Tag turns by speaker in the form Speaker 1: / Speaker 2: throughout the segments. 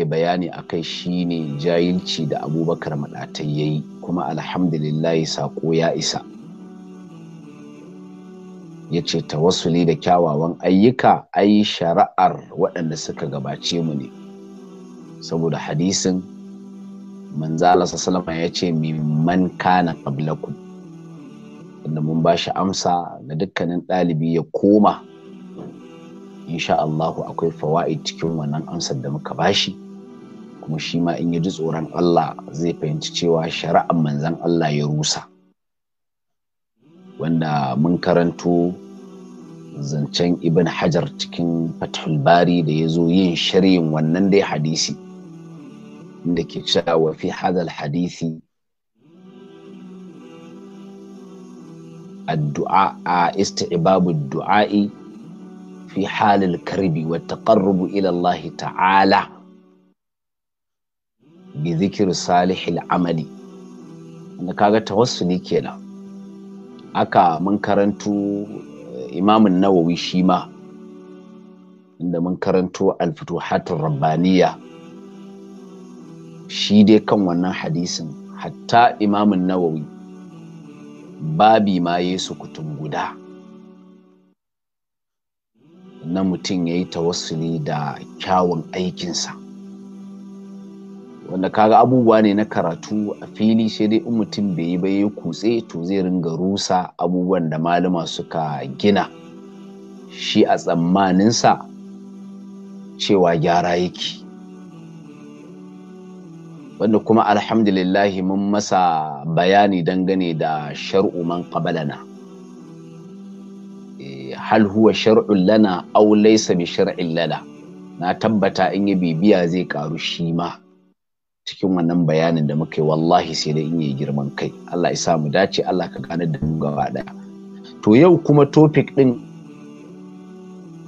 Speaker 1: kai bayani a kai shine jayilci da abubakar maɗatai ya yi kuma alhamdulillahi saƙo ya isa ya ce tawassuli da kyawawan ayyuka ai shari'ar waɗanda suka gabace mu ne saboda hadisin manzala salama ya ce mimman kana qablakum inda mun ba shi amsa ga dukkanin ɗalibi ya koma InshaAllahu akwai fawaid cikin wannan amsar da muka bashi kuma shi ma in ya ji tsoron Allah zai fahimci cewa shari'ar manzan Allah ya rusa wanda mun karanto zancen ibn hajar cikin fathul bari da ya zo yin shari'in wannan dai hadisi inda ke cewa wa fi hadal hadisi addu'a a isti'babu du'a'i fi halil karbi wa taqarrubu ila Allah ta'ala bi zikiru salihil amali wanda kaga tawassuli kenan aka mun karantu eh, imamun nawawi shi ma inda mun karanto alfutuhatul rabbaniya shi dai kan wannan hadisin hatta Imamin nawawi babi ma yesu kutun guda na mutum ya yi tawassuli da kyawun aikinsa wanda ka ga abubuwa ne na karatu a fili sai dai in mutum bai yi bai yi kutse to zai ringa rusa abubuwan da malama suka gina shi a tsammaninsa cewa gyara yake wanda kuma alhamdulillahi mun masa bayani dangane da shar'u man qabalana eh, hal huwa shar'un lana aw laysa bi shar'in lana na tabbata in yi bibiya zai karu shi ma cikin wannan bayanin da muka yi wallahi sai dai in yi girman kai Allah ya sa mu dace Allah ka gane da mu gaba ɗaya. to yau kuma topic ɗin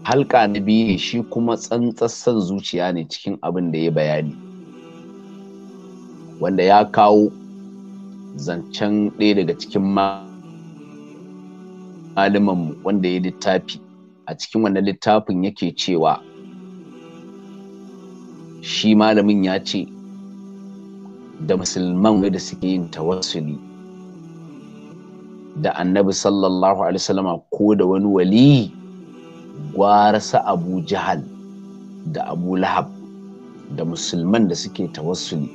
Speaker 1: halka na biyu shi kuma tsantsassan zuciya ne cikin abin da ya bayani wanda ya kawo zancen ɗaya daga cikin mu wanda ya littafi a cikin wannan littafin yake cewa shi malamin ya ce da musulman da suke yin tawassuli da annabi sallallahu alaihi wasallama ko da wani wali gwarasa abu jahal da abu lahab da musulman da suke tawassuli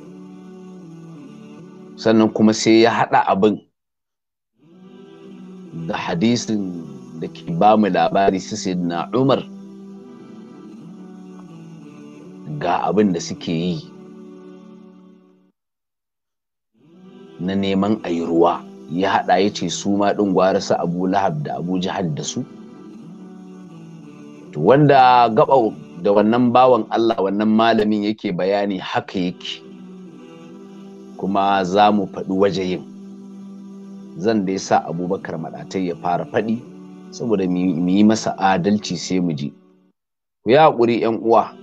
Speaker 1: sannan kuma sai ya haɗa abin da hadisin da ke ba mu labari su na umar ga abin da suke yi na neman a yi ruwa ya haɗa ya ce su ma ɗin gwara su abu lahab da abu jihar da su wanda gaba da wannan bawan allah wannan malamin yake bayani haka yake kuma za mu faɗi waje yin zan dai sa abubakar maɗatai ya fara faɗi saboda mu yi masa adalci sai mu je. ku yi haƙuri 'yan uwa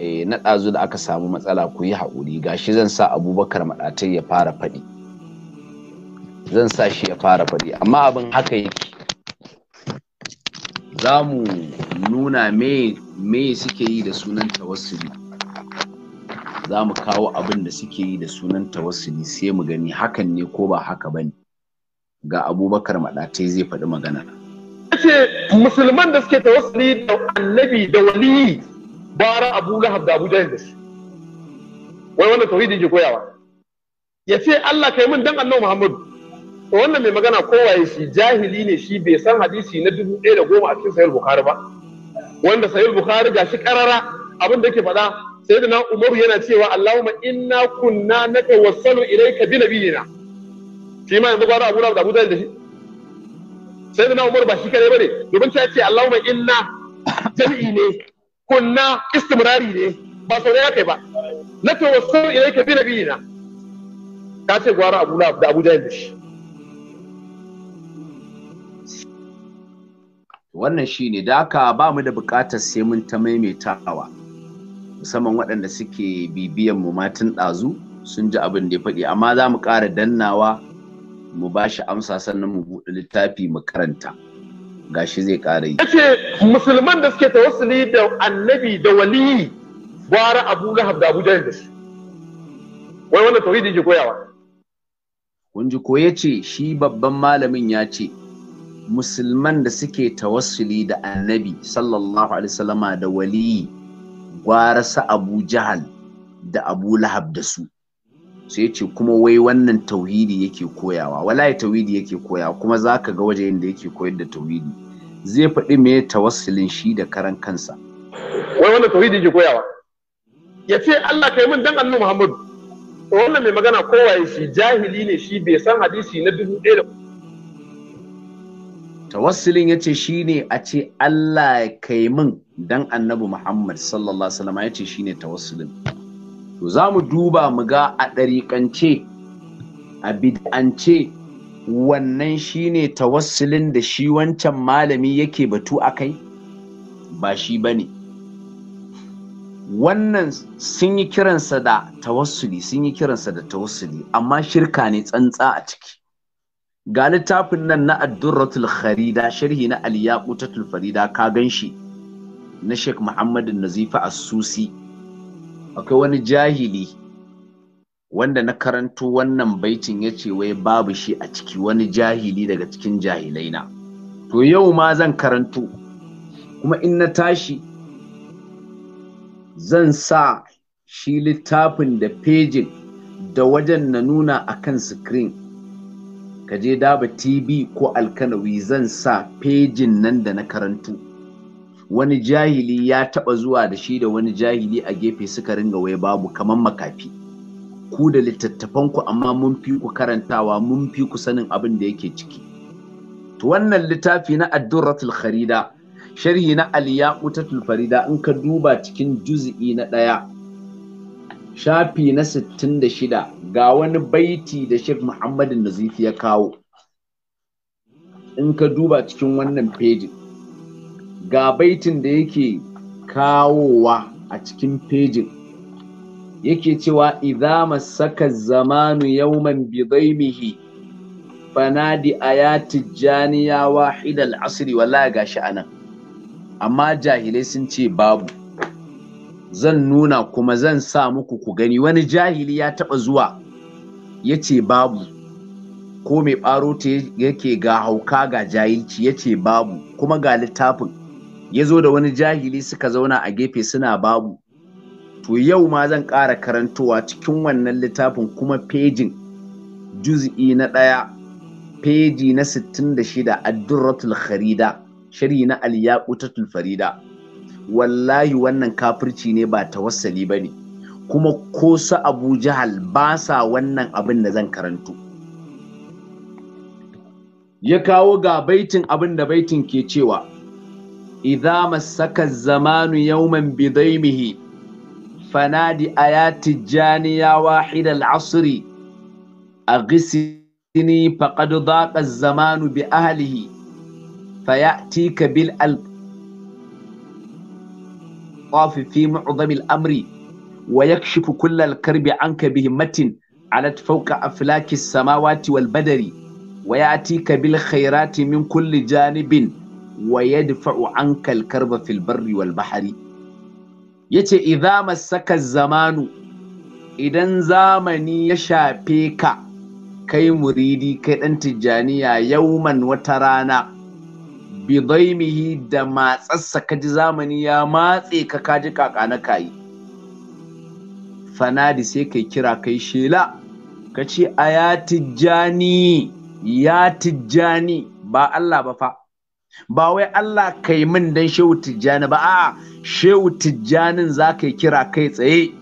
Speaker 1: Eh, na ɗazu da aka samu matsala ku yi haƙuri shi zan sa abubakar maɗatai ya fara faɗi zan sa shi ya fara faɗi amma abin haka yake za mu nuna me suke yi da sunan tawassuli za mu kawo abin da suke yi da sunan tawassuli sai mu gani hakan ne ko ba haka ba ne ga abubakar maɗatai zai faɗi magana.
Speaker 2: musulman da suke tawassuli da annabi da waliyi bara abu lahab da abu jahil da shi wai wannan tauhidi ke koyawa ya ce Allah kai min dan annabi Muhammadu wannan mai magana kowaye shi jahili ne shi bai san hadisi na dubu ɗaya da goma a cikin sahih bukhari ba wanda sahih bukhari gashi karara abin da yake faɗa sayyidina umaru yana cewa allahumma inna kunna naka wasalu ilayka bi nabiyina shi ma yanzu gwara abu da abu da shi sayyidina umaru ba shi kare ne, domin ta ce allahumma inna jami'i ne kunna istimrari ne ba sau da kai ba na tawassul ke bi na na, ka ce gwara Abu Lahab da Abu Jahl shi
Speaker 1: wannan shine da ba mu da buƙatar sai mun ta maimaitawa musamman waɗanda suke bibiyan mu matan ɗazu sun ji abin da ya faɗi amma za mu ƙara dannawa mu ba shi amsa sannan mu buɗe littafi mu karanta. gashi zai ƙara
Speaker 2: yi yace musulman da suke tawassuli da annabi da wali gwara abu lahab da abu jahil da su wai wannan tauhidi ke koyawa
Speaker 1: kun ji ko yace shi babban malamin ya ce musulman da suke tawassuli da annabi sallallahu alaihi wasallama da wali gwara sa abu jahal da abu lahab da su sai ce kuma wai wannan tauhidi yake koyawa wallahi tauhidi yake koyawa kuma zaka ga wajen da yake koyar da tauhidi zai faɗi me tawassulin shi da karan kansa
Speaker 2: wai wannan tauhidi yake koyawa ya ce Allah kai min dan Annabi Muhammadu wannan mai magana kowaye shi jahili ne shi bai san hadisi na dubu ɗaya da
Speaker 1: tawassulin ya ce shi ne a ce Allah kai min dan annabi Muhammad sallallahu alaihi wasallam ya ce shi ne tawassulin to za mu duba mu ga a ɗariƙance a bid'ance wannan shine tawassulin da shi wancan malami yake batu a kai ba shi ba ne wannan sun yi kiransa da tawassuli sun yi kiransa da tawassuli amma shirka ne tsantsa a ciki ga littafin nan na addurratul kharida sharhi na ta farida ka gan shi na sheikh muhammadin nazifa as-susi akwai wani jahili wanda na karanto wannan baitin ya ce wai babu shi a ciki wani jahili daga cikin jahilai na to yau ma zan karanto kuma in na tashi zan sa shi littafin da fejin da wajen na nuna akan kan screen ka je daba tv ko alkanawi zan sa fejin nan da na karantu wani jahili ya taɓa zuwa da shi da wani jahili a gefe suka ringa wai babu kamar makafi ku da littattafanku amma mun fi ku karantawa mun fi ku sanin abin da yake ciki to wannan littafi na addurratul kharida sharhi na aliyaqutatul farida in ka duba cikin juz'i na ɗaya shafi na 66 ga wani baiti da Sheikh Muhammadu Nazifi ya kawo in ka duba cikin wannan fejin ga baitin da yake kawowa a cikin fejin yake cewa idza masaka zamanu yawman bidaimihi fanadi ayati janiya wahidal asri wallahi gashi anan amma jahilai sun ce babu zan nuna kuma zan sa muku ku gani wani jahili ya taba zuwa ya ce babu ko mai ɓaro ta yake ga hauka ga jahilci ya ce babu kuma ga littafin ya zo da wani jahili suka zauna a gefe suna babu to yau ma zan ƙara karantowa cikin wannan littafin kuma fejin juz'i na ɗaya feji na 66 addurratul kharida shari na alyaqutatul farida wallahi wannan kafirci ne ba tawassali ba ne kuma ko su abu jahal ba sa wannan abin da zan karanto ya kawo ga baitin abin da baitin ke cewa إذا مسك الزمان يوما بضيمه فنادي آيات الجانية واحد العصر أغسني فقد ضاق الزمان بأهله فيأتيك طاف في معظم الأمر ويكشف كل الكرب عنك بهمة علت فوق أفلاك السماوات والبدر ويأتيك بالخيرات من كل جانب wa yadfa'u ankal karba fil barri wal bahari yace idza masaka zamanu idan zamani ya shafe ka kai muridi kai dan tijjaniya yauman wata rana bi daimihi da matsassa kaji zamani ya matse ka kaji kaka na kayi fanadi sai kai kira kai shela ka ce a ya tijjani ya tijjani ba Allah ba fa ba wai Allah kai min dan shehu tijjani ba a'a shehu tijjanin za ka yi kira kai tsaye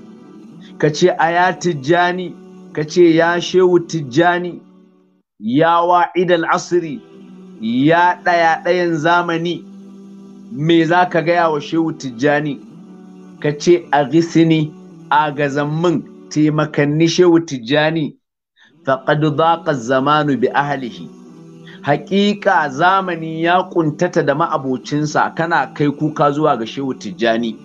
Speaker 1: ka ce a ya tijjani ka ce ya shehu tijjani ya wa'idal asiri ya ɗaya ɗayan zamani me za ka gaya wa shehu tijjani ka ce a gisini a min taimakanni shehu tijjani faƙadu zaƙa zamanu bi ahalihi Haƙiƙa zamani ya ƙuntata da ma'abocinsa kana kai kuka zuwa ga Shehu Tijjani.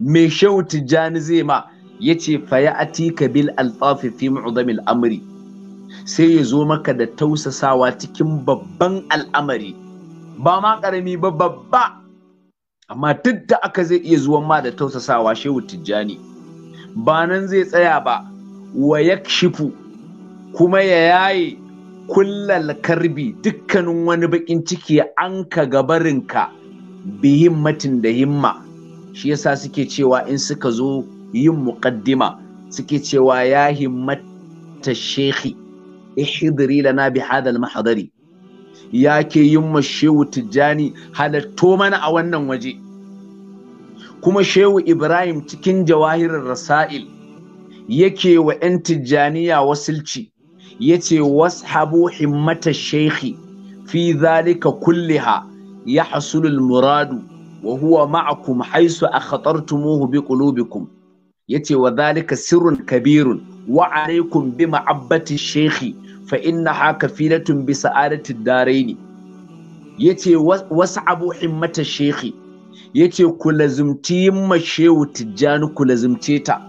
Speaker 1: Me Shehu Tijjani zai ma ya ce faya atika bil alfafi fi mu'udamil amri sai ya zo maka da tausasawa cikin babban al'amari ba ma ƙarami ba babba amma duk da aka zai iya zuwan ma da tausasawa Shehu Tijjani. Ba nan zai tsaya ba wa yakshifu kuma ya yaye kullal karbi dukkanin wani bakin ciki an ka gabarinka bi himmatin da himma shi yasa suke cewa in suka zo yin muqaddima suke cewa ya himmata shekhi ihdiri lana bi hadal mahadari ya ke yin ma shehu tijjani halatto mana a wannan waje kuma shehu ibrahim cikin jawahirar rasail yake wa 'yan tijjaniya wasilci yace habu himmata shaykhi fi dhalika kulliha yahsulu al-muradu wa huwa ma'akum a akhtartumuhu bi qulubikum yace wa zalika sirrun kabirun wa alaykum bi ma'abbati shaykhi fa innaha kafilatun bi sa'adati ad-daraini yace washabu himmata shaykhi yace ku lazumti yimma shehu tijjani ku lazumce ta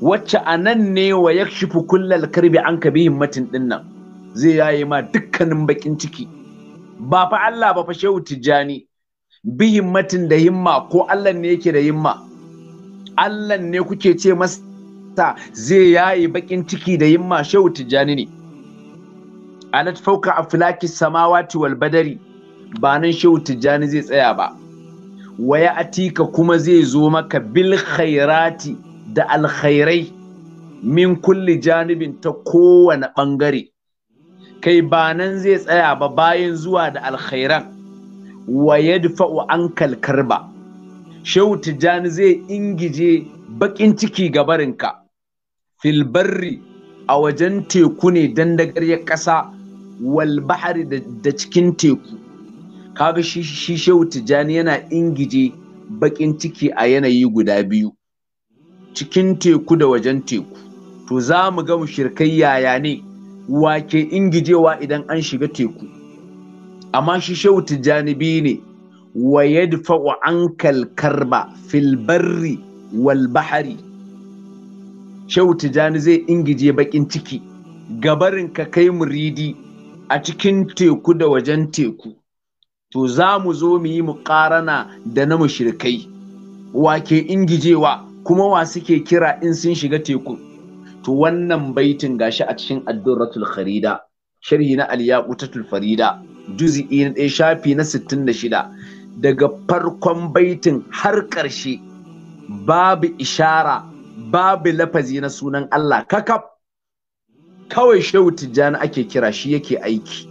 Speaker 1: wacce a nan ne wa ya shifu kullal karbi an ka bihin matin din nan zai yaye ma dukkanin bakin ciki ba fa Allah ba fa shehu tijjani bihin matin da himma ko Allah ne yake da himma Allah ne kuke ce masa zai yaye bakin ciki da himma shehu tijjani ne alat fauka aflaki samawati wal badari ba nan shehu tijjani zai tsaya ba waya atika kuma zai zo maka bil khairati da alkhairai min kulli janibin ta kowane ɓangare kai ba nan zai tsaya ba bayan zuwa da alkhairan wa an kalkar ba? shehu tijjani zai ingije baƙin ciki ga barinka a wajen teku ne dandagariyar ƙasa wal bahari da cikin teku kaga shi shehu tijjani yana ingije baƙin ciki a yanayi guda biyu cikin teku da wajen teku to za mu ga mushirkai yaya ne wake ingijewa idan an shiga teku amma shi shautu janibi ne wa yadfa'u ankal karba fil barri wal bahari shautu jani zai ingije bakin ciki gabarin ka kai muridi a cikin teku da wajen teku to za mu zo mu yi muƙarana da na mushirkai wake ingijewa kuma wa suke kira in sun shiga teku to wannan baitin gashi a cikin addurratul kharida sharhi na aliyaqutatul farida juz'i na ɗaya shafi na 66 daga farkon baitin har ƙarshe babu ishara babu lafazi na sunan Allah kakaf kawai shehu tijjani ake kira shi yake aiki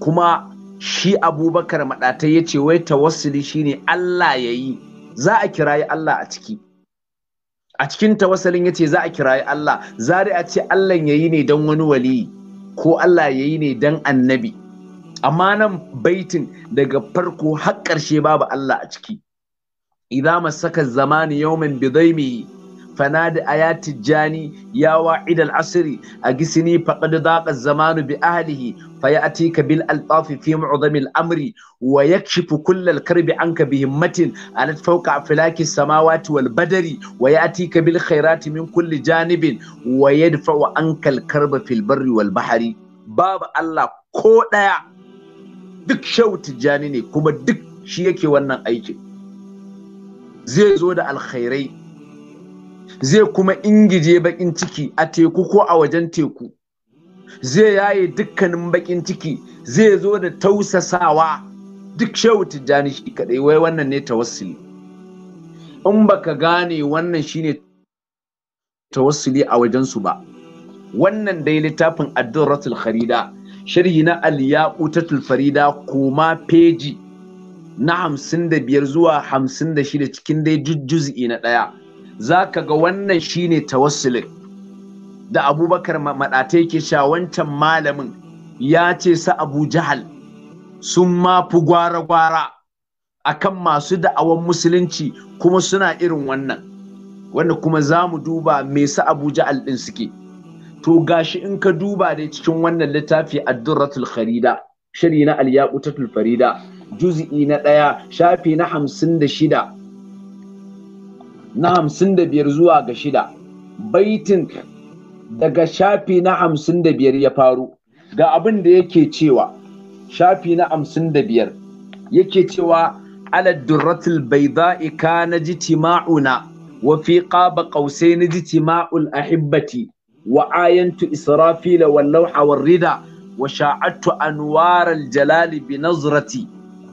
Speaker 1: kuma shi abubakar maɗatai ya ce wai tawassuli shine Allah ya yi za a kira yi Allah a ciki a cikin tawassalin yace za a kirayi Allah zari a ce Allah yayi ne dan wani wali ko Allah yayi ne dan annabi amma nan baitin daga farko har ƙarshe babu Allah a ciki idza masaka zamani yawman bidaimi fanadi ayati jani ya wa'id al-asri gisini faqad daqa zamanu bi ahlihi فيأتيك بالألطاف في معظم الأمر ويكشف كل الكرب عنك بهمة علت فوق أفلاك السماوات والبدر ويأتيك بالخيرات من كل جانب ويدفع عنك الكرب في البر والبحر باب الله كودا duk shau tijjani ne kuma duk shi yake wannan aikin zai zo da alkhairai zai kuma ingije bakin ciki a teku ko a wajen teku zai yaye dukkanin bakin ciki zai zo da tausasawa duk shehu tijjani shi kadai wai wannan ne tawassuli in baka gane wannan shine tawassuli a wajensu ba wannan dai littafin addurratul kharida sharhi na al-yaqutatul farida kuma peji na hamsin da biyar zuwa hamsin da shida cikin dai jujjuzi na ɗaya za ka ga wannan shine tawassulin da abubakar maɗatai ke sha wancan malamin ya ce sa abu jahal sun fi gwara-gwara a kan masu da'awan musulunci kuma suna irin wannan wanda kuma za mu duba me sa abu jahal ɗin suke to gashi in ka duba dai cikin wannan littafi addurratul kharida shari na alyaqutatul farida juz'i na ɗaya shafi na hamsin da shida na hamsin da biyar zuwa ga shida baitin daga shafi na hamsin da biyar ya faru ga abin da yake cewa shafi na hamsin da biyar yake cewa ala durratul baida'i kana jitima'una wa fi na qausain jitima'ul ahibbati wa ayantu israfila wal lawha rida wa sha'attu anwaral jalali bi nazrati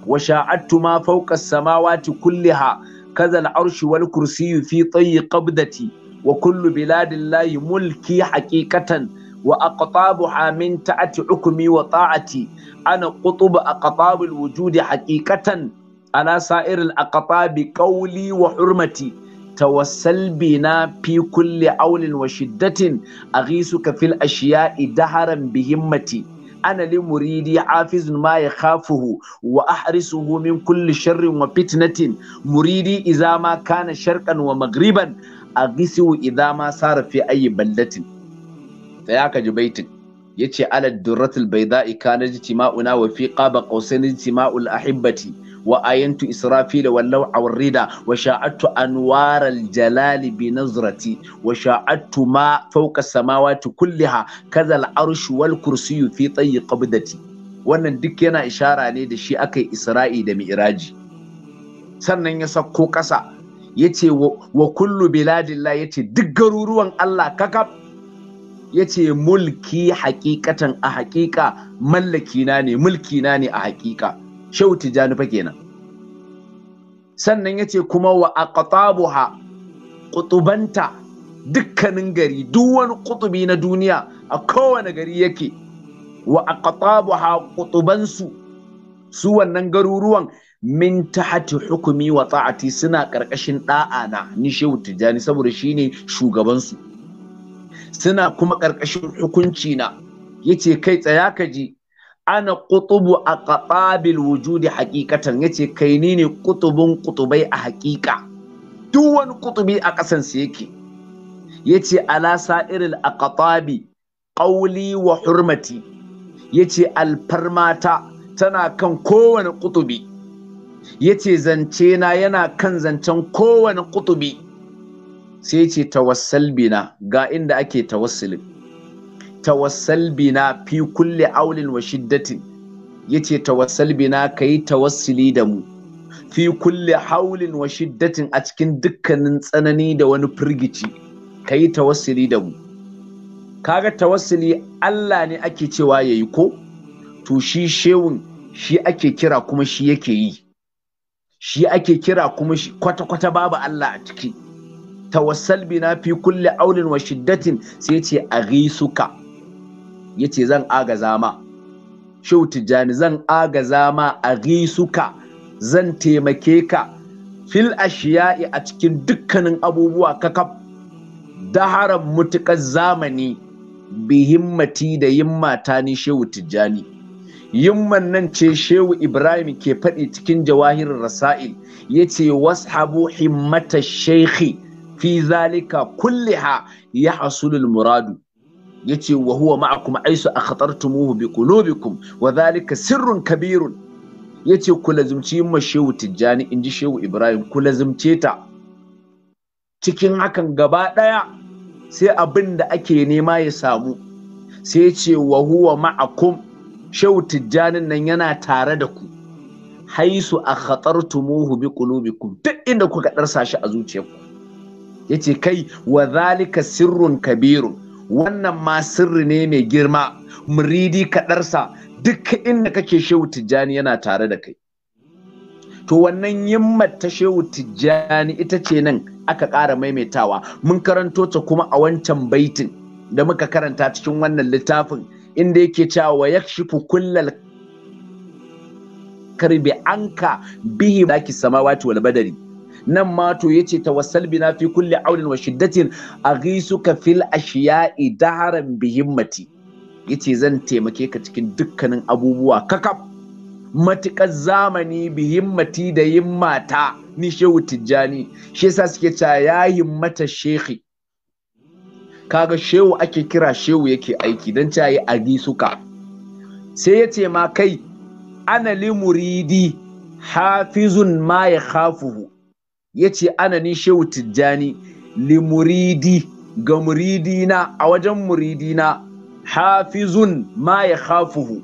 Speaker 1: wa sha'attu ma fawqa samawati kulliha kazal arshi wal kursi fi tsayi qabdati wa kullu biladillahi mulki haqiqatan wa aqtabuha min ta'ati hukmi wa ta'ati ana qutub aqtab alwujud haqiqatan ala sa'ir alaqtab qawli wa hurmati tawassal bina fi kulli aulin wa shiddatin aghisuka fil ashiya'i daharan bihimmati أنا لمريدي حافظ ما يخافه وأحرسه من كل شر وفتنة مريدي إذا ما كان شرقا ومغربا a gisiwu idza ma sarrafi fi ayi ballatin da ya kaji baitin yace ala durratul baida'i kana ma'una wa fi qaba qausain jitima'ul ahibbati wa ayantu israfil wallau awrida wa sha'attu anwaral jalali bi nazrati wa sha'attu ma fawqa samawati kulliha kazal arshu wal kursiyyu fi tayyi qabdati wannan duk yana ishara ne da shi akai isra'i da Mi'iraji. sannan ya sako ƙasa yace wa kullu biladillah yace duk garuruwan Allah kakaf yace mulki hakikatan a hakika Mallakina na ne mulki ne a hakika Shauti tijani fa kenan sannan yace kuma wa aqtabuha qutubanta dukkanin gari duk kutubi na duniya a kowane gari yake wa aqtabuha qutubansu su wannan garuruwan min tahati hukumi wa ta'ati suna karkashin na ni shehu tijjani saboda shine shugabansu suna kuma karkashin hukunci na yace kai tsaya ka ji ana qutubu a qatabil wujudi haqiqatan yace kai ni ne qutubun qutubai a haqiqa duk wani qutubi a ƙasan su yake yace ala sa'iril aqtabi qawli wa hurmati yace alfarmata tana kan kowane qutubi ya ce zance na yana kan zancen kowane kutubi sai ce tawassal bina ga inda ake tawassuli tawassal bina fi kulle aulin wa shiddatin ya ce tawassal bina ka yi tawassuli da mu fi kulle haulin wa shiddatin a cikin dukkanin tsanani da wani firgici ka yi tawassuli da mu kaga tawassuli Allah ne ake cewa ya yi ko to shi shewun shi ake kira kuma shi yake yi shi ake kira kuma shi kwata-kwata babu Allah a ciki tawassal bina fi kulli aulin wa shiddatin sai yace aghisuka yace zan agaza ma shehu tijjani zan agaza ma aghisuka zan taimake ka fil ashiya'i a cikin dukkanin abubuwa kakaf daharan mutukar zamani bi himmati da yimmata ni shehu tijjani yimman nan ce shehu ibrahim ke faɗi cikin jawahirin rasa'il ya ce washabu himmata shekhi fi zalika kulliha ya hasulul muradu ya ce wa huwa ma'akum aisu a khatartumuhu bi qulubikum wa zalika sirrun kabirun ya ce ku lazumci yumma shehu tijjani in ji shehu ibrahim ku lazumce ta cikin hakan gaba ɗaya sai abin da ake nema ya samu sai ce wa huwa ma'akum shehu tijjanin nan yana tare da ku haisu a khatartumuhu bi ku duk inda kuka darsa shi a zuciyarku yace kai wa zalika sirrun kabirun wannan ma sirri ne mai girma muridi ka darsa duk inda kake shehu tijjani yana tare da kai to wannan yimma ta shehu tijjani ita ce nan aka ƙara maimaitawa mun karanto ta kuma a wancan baitin da muka karanta cikin wannan littafin inda yake cewa wa yakshifu kullal karbi anka bihi daki samawati wal badari nan ma to yace tawassal bina fi kulli aulin wa shiddatin aghisuka fil ashiya'i daharan bihimmati yace zan taimake ka cikin dukkanin abubuwa kakaf matuƙar zamani bihimmati da himmata ni shehu tijjani shi yasa suke cewa ya himmata shekhi kaga shehu ake kira shehu yake aiki don ta yi adi suka sai ya ce ma kai ana li muridi hafizun ma ya khafuhu ya ce ana ni shehu tijjani li muridi ga muridina a wajen muridina hafizun ma ya khafuhu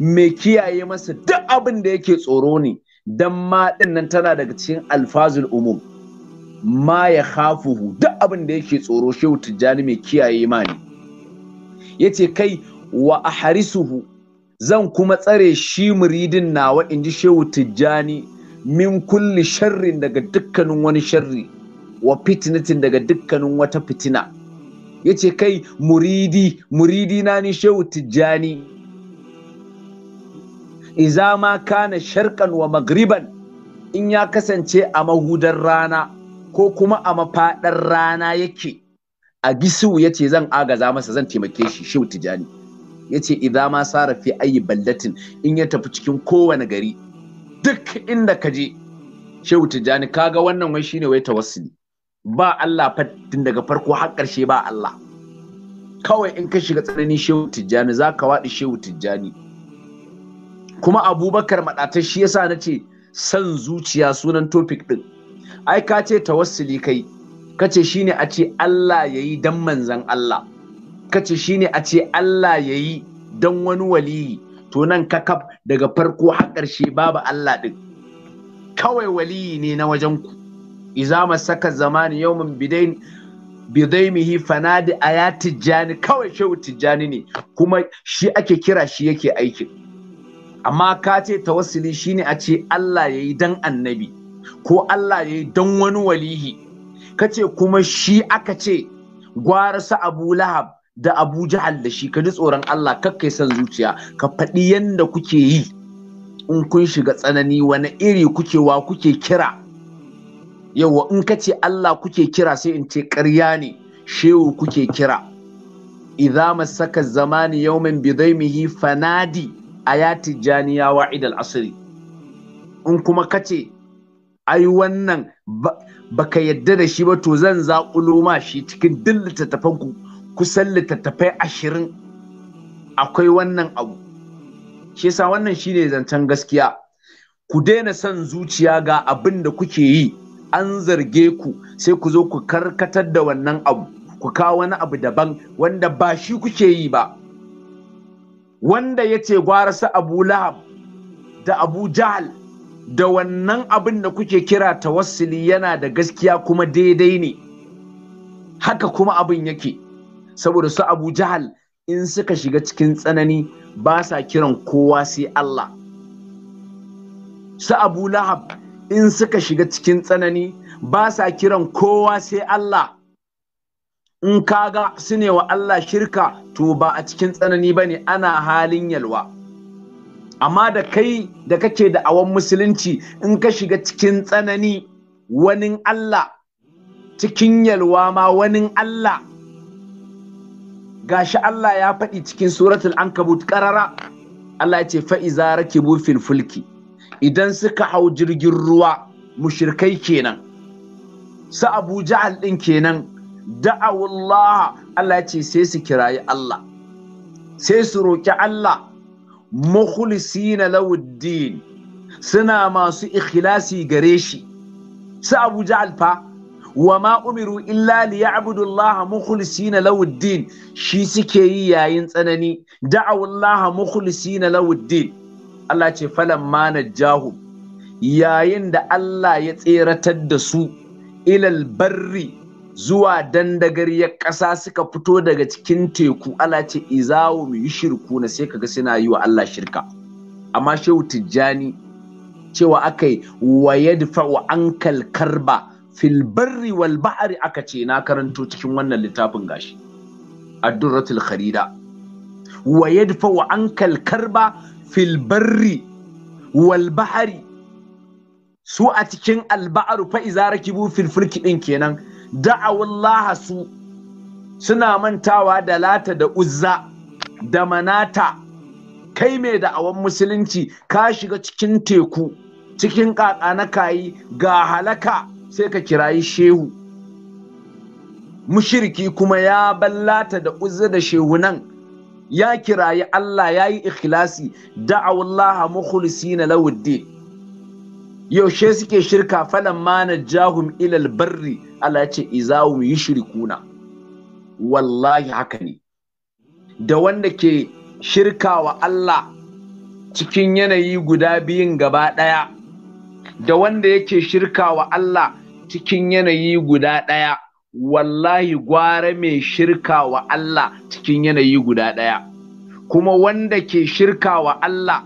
Speaker 1: mai kiyaye masa duk abin da yake tsoro ne don ma nan tana daga cikin alfazul umum ma ya khafuhu duk abin da yake tsoro shehu tijjani mai kiyaye ma ne yace kai wa ahrisuhu zan kuma tsare shi muridin nawa inji shehu tijjani min kulli sharrin daga dukkanin wani sharri wa fitnatin daga dukkanin wata fitina yace kai muridi muridi na ni shehu tijjani iza ma kana sharqan wa magriban in ya kasance a mahudar rana ko kuma a mafaɗar rana yake a gisu ya ce zan agaza masa zan taimake shi shehu tijani ya ce idan ma sarafi ayi ballatin in ya tafi cikin kowane gari duk inda ka je shehu tijani kaga wannan wai shine wai tawassuli ba Allah fatin daga farko har ƙarshe ba Allah kawai in ka shiga tsananin shehu tijjani za ka waɗi shehu tijjani kuma abubakar maɗatar shi yasa na ce san zuciya sunan topic ɗin ai ka ce tawassuli kai ka ce shi ne a ce Allah ya yi don manzan Allah ka ce shi ne a ce Allah ya yi don wani waliyi to nan ka kaf daga farko har ƙarshe babu Allah ɗin kawai waliyi ne na wajen ku iza saka zamani yawmin bidain bidaimihi fanadi aya tijjani kawai shehu tijjani ne kuma shi ake kira shi yake aikin amma ka ce tawassuli ne a ce Allah ya yi don annabi ko Allah ya yi don wani walihi kace kuma shi aka ce gwara su Abu Lahab da Abu Jahal da shi ka ji tsoron Allah kakkai son zuciya ka faɗi yanda kuke yi in kun shiga tsanani wani iri kuke wa kuke kira yawa in ka ce Allah kuke kira sai in ce ƙarya ne shehu kuke kira idza masaka zamani yawmin bidaimihi fanadi ayati janiya wa'id idal asri in kuma kace ai wannan ba ka yadda da shi ba to zan zaƙulo ma shi cikin duk littattafan ku kusan littattafai ashirin akwai wannan abu shi yasa wannan shine zancen gaskiya ku daina son zuciya ga abin da kuke yi an zarge ku sai ku zo ku karkatar da wannan abu ku kawo wani abu daban wanda ba shi kuke yi ba wanda ya ce gwara su abu lahab da abu jahal da wannan abin da kuke kira tawassuli yana da gaskiya kuma daidai ne haka kuma abin yake saboda su abu jahal in suka shiga cikin tsanani ba sa kiran kowa sai Allah su abu lahab in suka shiga cikin tsanani ba sa kiran kowa sai Allah in kaga su ne wa Allah shirka to ba a cikin tsanani ba ne ana halin yalwa amma da kai da kake da awon musulunci in ka shiga cikin tsanani wani Allah cikin yalwa ma wani Allah gashi Allah ya faɗi cikin suratul ankabut karara Allah ya ce fa'iza rakibu fil fulki idan suka hau jirgin ruwa mushirkai kenan su Abu Ja'al din kenan da'awullah Allah ya ce sai su kirayi Allah sai su roki Allah mukhlisina lawuddin suna masu ikhlasi gare shi su Abu Ja'al fa wa ma umiru illa li ya'budu Allah mukhlisina lawuddin shi suke yi yayin tsanani da'awu Allah mukhlisina lawuddin Allah ce falamma najahum yayin da Allah ya tseratar da su ilal barri zuwa dandagaryar ƙasa suka fito daga cikin teku Allah ce izawo mu yi shirku na sai kaga suna yi wa Allah shirka amma shehu tijjani cewa aka yi wa wa ankal karba fil barri wal aka ce na karanto cikin wannan littafin gashi ad-durratul kharida wa yadfa wa ankal karba fil barri wal su a cikin al-ba'ru fa iza fil fulki din kenan da'awullaha su suna mantawa da lata da uzza da manata kai mai da'awan musulunci ka shiga cikin teku cikin ƙaƙa na kayi ga halaka sai ka kirayi shehu mushirki kuma ya ballata da uzza da shehu nan, ya kirayi Allah ya yi ikhlasi da'awullaha mukhlisina lawuddin yaushe suke shirka falan mana jahum ilal barri Allah ce izawum yushrikuna wallahi haka ne da wanda ke shirkawa Allah cikin yanayi guda biyun gaba ɗaya da wanda yake shirkawa Allah cikin yanayi guda ɗaya wallahi gwara mai shirka wa Allah cikin yanayi guda ɗaya kuma wanda ke shirka wa Allah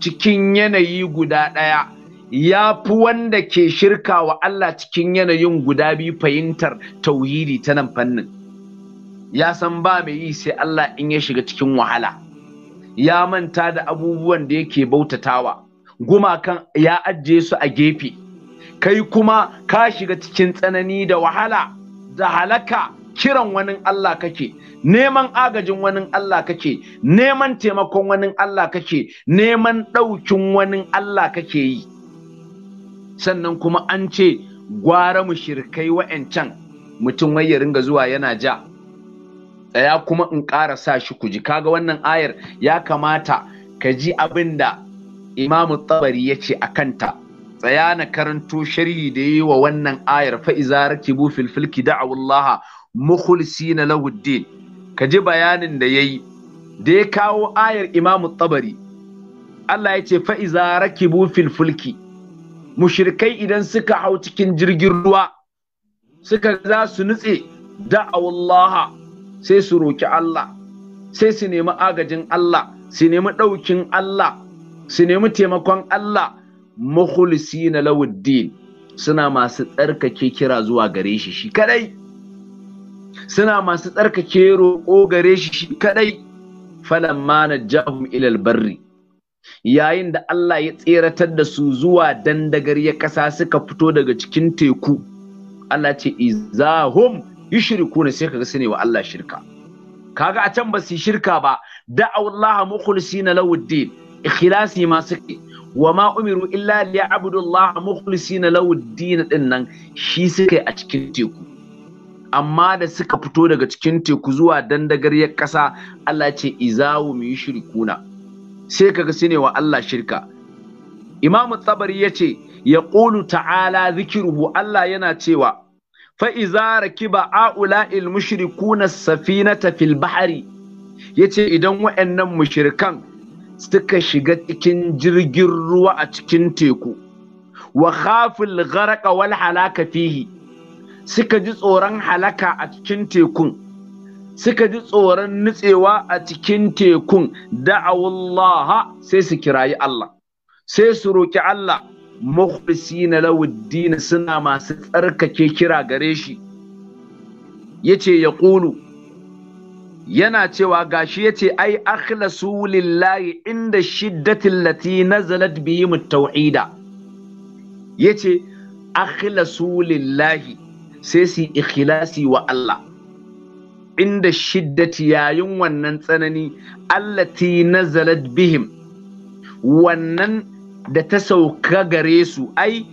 Speaker 1: cikin yanayi guda ɗaya ya fi wanda ke shirka wa Allah cikin yanayin guda biyu fahimtar tauhidi ta nan fannin ya san ba mai yi sai Allah in ya shiga cikin wahala ya manta da abubuwan da yake bautatawa gumakan ya ajiye su a gefe kai kuma ka shiga cikin tsanani da wahala da halaka kiran wani Allah kake neman agajin wani Allah kake neman taimakon wani Allah kake neman ɗaukin wani Allah kake yi sannan kuma an ce gwara mu shirkai wa'ancan mutum wai ya ringa zuwa yana ja tsaya kuma in ƙara sa shi kuji kaga wannan ayar ya kamata ka ji abin da imamu tsabari ya ce a kanta tsaya na karanto sharhi da yi wa wannan ayar fa'iza da fil filki da'awullaha na lahuddin ka ji bayanin da ya yi. da ya kawo ayar imamu tsabari Allah ya ce fa'iza rakibu fil filfilki Mushirikai idan suka hau cikin jirgin ruwa suka za su nutse da'awallaha sai su roki Allah sai su nemi agajin Allah su nemi ɗaukin Allah su nemi taimakon Allah mukhulisi na lawuddin suna masu tsarkake kira zuwa gare shi shi kadai suna masu tsarkake roƙo gare shi shi kadai falamma najahum ilal barri yayin da Allah ya tseratar da su zuwa ya ƙasa suka fito daga cikin teku Allah ce izahum ne sai kaga su ne wa Allah shirka kaga a can ba su shirka ba da'awallaha mukhlisina lawuddin ikhlasi ma suke wa ma umiru illa liya'budullaha mukhlisina lawuddin din nan shi suke a cikin teku amma da suka fito daga cikin teku zuwa ya ƙasa Allah ce yi mu yushrikuna sai kaga su ne wa Allah shirka imamu tsabari ya ce ya ƙulu ta'ala zikiruhu Allah yana cewa fa'iza rakiba a'ula il mushriku na safinata bahari ya ce idan wa'annan mushirikan suka shiga cikin jirgin ruwa a cikin teku wa khafil gharaka wal halaka fihi suka ji tsoron halaka a cikin tekun suka ji tsoron nutsewa a cikin tekun da'awullaha sai su kirayi Allah sai su roki Allah na lawuddin suna masu tsarkake kira gare shi ce ya ƙulu yana cewa gashi yace ai akhlasu lillahi inda shiddatin lati nazalat bihim tauhida yace akhlasu lillahi sai su ikhlasi wa Allah inda shiddati yayin wannan tsanani allati nazalat bihim wannan da ta sauka gare su ai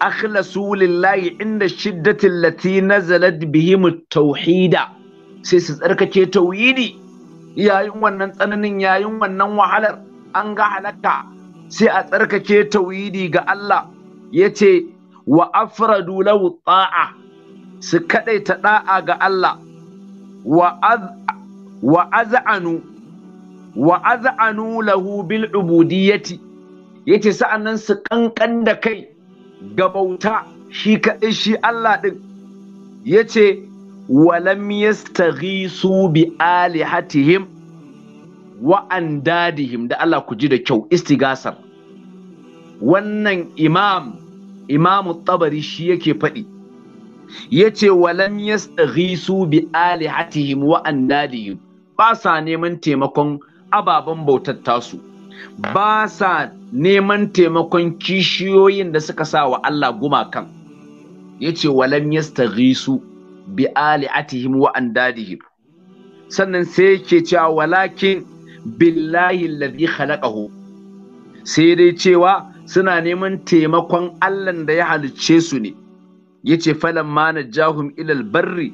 Speaker 1: akhlasu lillahi inda shiddati lati nazalat bihim tauhida sai su tsarkake tauhidi yayin wannan tsananin yayin wannan wahalar an ga halaka sai a tsarkake tauhidi ga Allah yace wa afradu law ta'a su kadaita da'a ga Allah wa az'anu wa az'anu lahu bil ubudiyyati nan su ƙanƙan da kai ga bauta shi kaɗai shi Allah ɗin ya yace walam su bi alihatihim wa dadihim da Allah ku ji da kyau istigasar wannan imam imamu tabari shi yake faɗi Ya ce yace walam su bi alihatihim wa andadihim ba sa neman taimakon ababen bautatta su ba sa neman taimakon kishiyoyin da suka sa wa Allah gumakan yace walam su bi alihatihim wa andadihim sannan sai yake cewa walakin billahi alladhi khalaqahu sai dai cewa suna neman taimakon Allah da ya halicce su ne yace na jahun ilal barri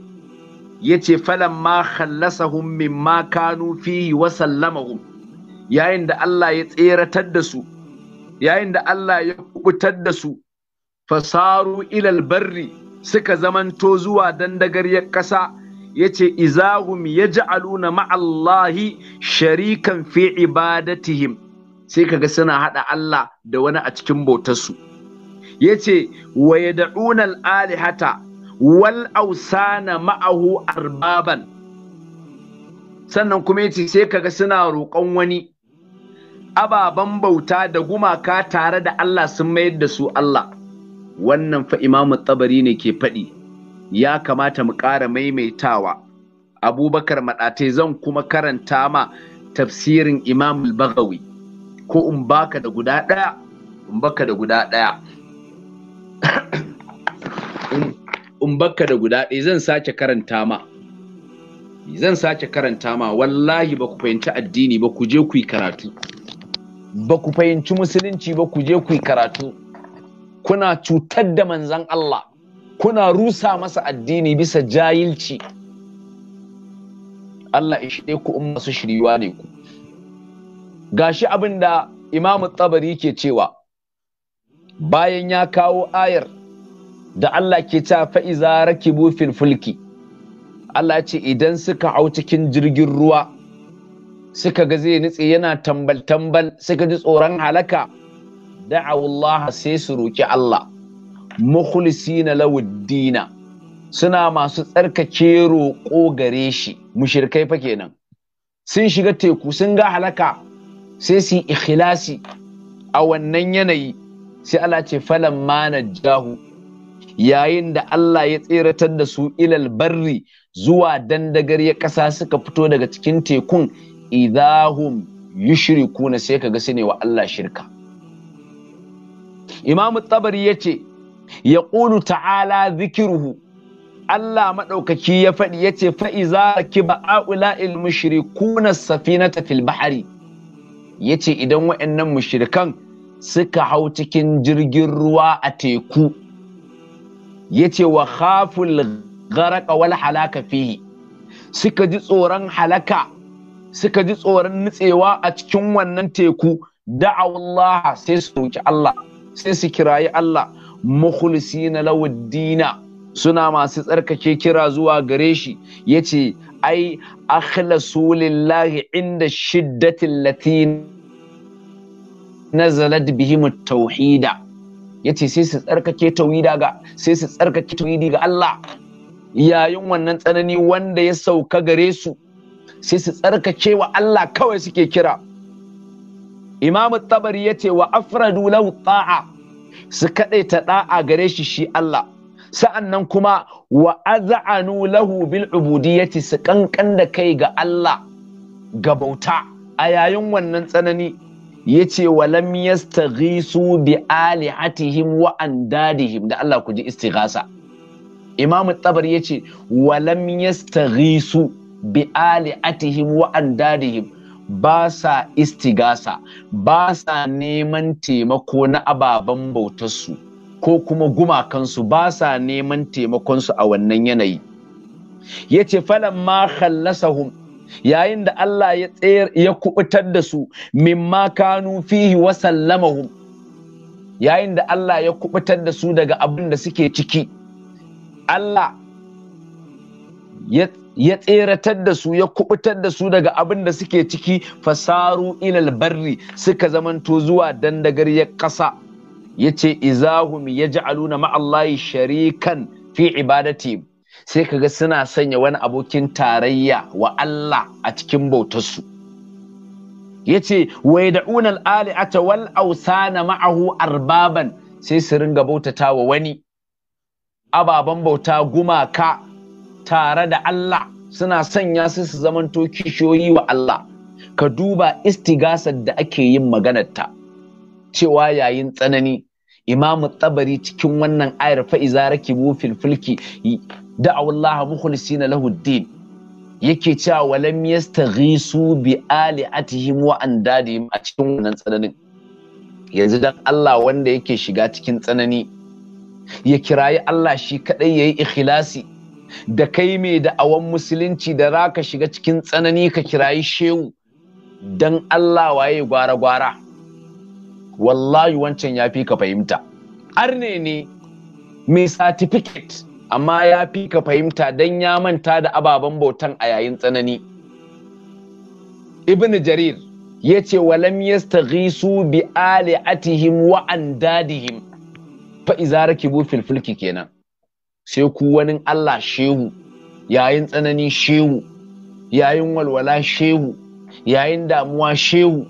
Speaker 1: yace falamma khallasahum ma kanu fihi wa sallamahum yayin da Allah ya tseratar da su yayin da Allah ya kubutar da su fasaru ilal barri suka zamanto zuwa dandagaryar ƙasa yace izahum yaj'aluna ma'allahi sharikan fi ibadatihim sai kaga suna hada Allah da wani a cikin bautarsu Ya ce, wa yad'una al-alihata wal ausana ma'ahu arbaban sannan kuma ya ce sai kaga suna roƙon wani ababen bauta da gumaka tare da Allah sun mayar da su Allah wannan fa imamu tabari ne ke faɗi ya kamata mu ƙara maimaitawa abubakar maɗatai zan kuma karanta ma tafsirin imam bagawi ko in baka da guda ɗaya in baka da guda ɗaya in bakka da guda ɗaya zan sace karanta ma zan sace karanta ma wallahi ba ku fahimci addini ba ku je ku yi karatu ba ku fahimci musulunci ba ku je ku yi karatu kuna cutar da manzan Allah kuna rusa masa addini bisa jahilci Allah ishe ku masu shiriwa ne ku gashi abin da imamu tabari ke cewa bayan ya kawo ayar da Allah ke ta fa'iza rakibu bufin fulki Allah ce idan suka hau cikin jirgin ruwa suka ga zai nutse yana tambal-tambal suka ji tsoron halaka Allah sai su roki Allah na lawuddina suna masu tsarkake roƙo gare shi mushirkai fa kenan sun shiga teku sun ga halaka sai su yi ikhlasi a wannan yanayi sai Allah ce falan mana jahu yayin da Allah ya tseratar da su ilal barri zuwa dandagar ya ƙasa suka fito daga cikin tekun idahum yushrikuna sai ka su ne wa Allah shirka Imam Tabari ya ce ya ƙulu ta'ala zikiruhu Allah maɗaukaki ya faɗi ya ce fa'iza ba a'ula il safi safinata tafil bahari ya ce idan nan mushirikan suka hau cikin jirgin ruwa a teku Ya ce wa haful garaka wal halaka fihi suka ji tsoron halaka suka ji tsoron nutsewa a cikin wannan teku Allah sai su roƙi Allah sai su kirayi Allah na lawaddina suna masu tsarkake kira zuwa gare shi Ya ce ai akhlasu lillahi inda shiddatin latin nazalat bihim tauhida yace sai su tsarkake tauhida ga sai su tsarkake tauhidi ga Allah yayin wannan tsanani wanda ya sauka gare su sai su tsarkake wa Allah kawai suke kira Imam Tabari yace wa afradu lahu ta'a su kadaita da'a gare shi shi Allah sa'annan kuma wa az'anu lahu bil ubudiyyati su kankan da kai ga Allah ga bauta a yayin wannan tsanani yace walam yastaghisu bi alihatihim wa andadihim da Allah ku ji istighasa imamu Tabar yace walam yastaghisu bi alihatihim wa andadihim ba sa istigasa ba sa neman taimako na ababen bautarsu ko kuma gumakansu ba sa neman taimakonsu a wannan yanayi yace falamma khallasahum yayin da Allah ya tsayar ya kubutar da su min ma kanu fihi wa sallamahum yayin da Allah ya kubutar da su daga abin da suke ciki Allah ya tseratar da su ya kubutar da su daga abin da suke ciki fasaru ilal barri suka zamanto zuwa dandagar ya ƙasa ya ce izahum ya ja'aluna ma'allahi sharikan fi ibadati sai ka ga suna sanya wani abokin tarayya wa Allah a cikin bautarsu Ya yace wa yad'una al-ali'ata wal awsana ma'ahu arbaban sai su ringa bautata wa wani ababen bauta gumaka tare da Allah suna sanya su su zamanto kishiyoyi wa Allah ka duba istigasar da ake yin maganarta cewa yayin tsanani imamu tsabari cikin wannan ayar fa'iza rakibu filfilki fulki da'aw Allah mukhlisina lahu lahuddin yake cewa walam yastaghisu bi Ali atihim wa andadihim a cikin wannan tsananin yanzu dan Allah wanda yake shiga cikin tsanani ya kirayi Allah shi kadai yayi ikhlasi da kai mai da'awan musulunci da raka shiga cikin tsanani ka kirayi shehu dan Allah waye gwara gwara wallahi wancan yafi ka fahimta arne ne mai certificate amma ya fi ka fahimta don ya manta da ababen bautan a yayin tsanani ibn jarir ya ce walam yastaghisu bi aliatihim wa andadihim fa iza rakibu fil fulki kenan sai ku wani Allah shehu yayin tsanani shehu yayin walwala shehu yayin damuwa shehu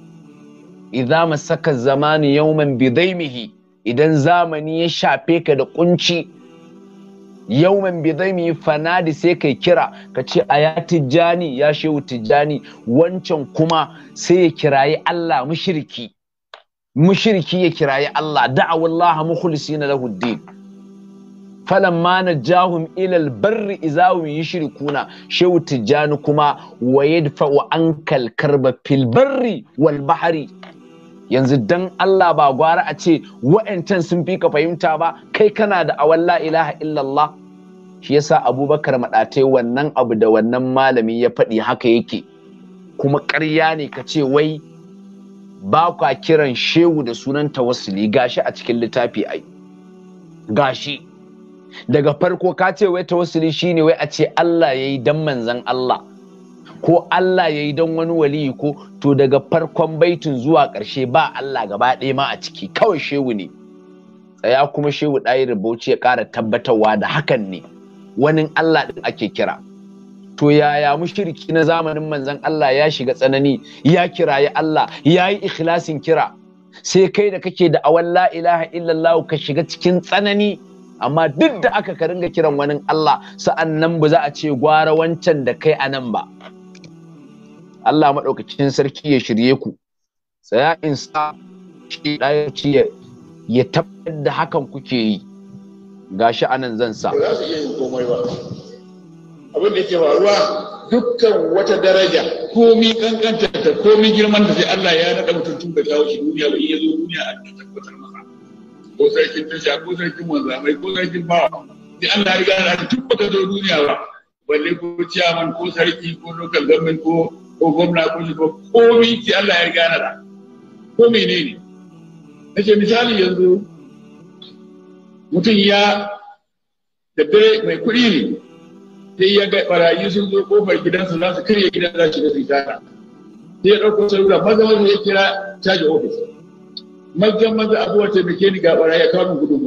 Speaker 1: idza masaka zamani yawman bidaimihi idan zamani ya shafe ka da kunci yauman bidaimi fanadi sai kai kira ka ce a ya tijjani ya shehu tijjani wancan kuma sai ya kirayi Allah mushriki mushriki ya kirayi Allah da'awallaha mukhlisina lahu din falamma najahum ila albarri idza hum yushrikuna shehu tijjani kuma wa yadfa wa ankal karba fil barri wal bahri yanzu dan Allah ba gwara a ce wa'ancan sun fi ka fahimta ba kai kana da awan la ilaha illallah shi yasa abubakar maɗatai wannan abu da wannan malami ya faɗi haka yake kuma ƙarya ne ka ce wai ba kwa kiran shehu da sunan tawassuli gashi a cikin littafi ai gashi daga farko ka ce wai tawassuli shine wai a ce Allah yayi dan manzon Allah ko Allah ya yi don wani waliyi ko to daga farkon baitin zuwa ƙarshe ba Allah gaba ɗaya ma a ciki kawai shehu ne tsaya kuma shehu ɗaya rubuci ya ƙara tabbatarwa da hakan ne wani Allah ɗin ake kira to yaya mushriki na zamanin manzon Allah ya shiga tsanani ya ya Allah ya yi ikhlasin kira sai kai da kake da awan la ilaha illallah ka shiga cikin tsanani amma duk da aka ka ringa kiran wani Allah sa'an nan ba za a ce gwara wancan da kai a nan ba Allah maɗaukacin sarki ya shirye ku tsaya in sa shi ɗaya ya ya tabbatar da hakan kuke yi gashi anan zan sa ba za su
Speaker 2: iya yin komai ba abin da ke faruwa dukkan wata daraja komi kankanta ta komi girman da sai Allah ya naɗa mutum tun da kawo shi duniya ba iya zo duniya a tabbatar masa ko sarkin tasha ko sarkin mai ko sarkin bawa sai Allah ya riga da tun baka zo duniya ba balle ko ciyaman ko sarki ko lokal gamin ko ko gwamna ko shugaba ko ce Allah ya gane da ko menene nace misali yanzu mutum ya da dare mai kuɗi ne sai ya ga barayi sun zo kofar gidansa za su karya gidan za su da su sai ya ɗauko salula maza maza ya kira caji ofis maza maza abuwa taimake ni ga barayi a kawo min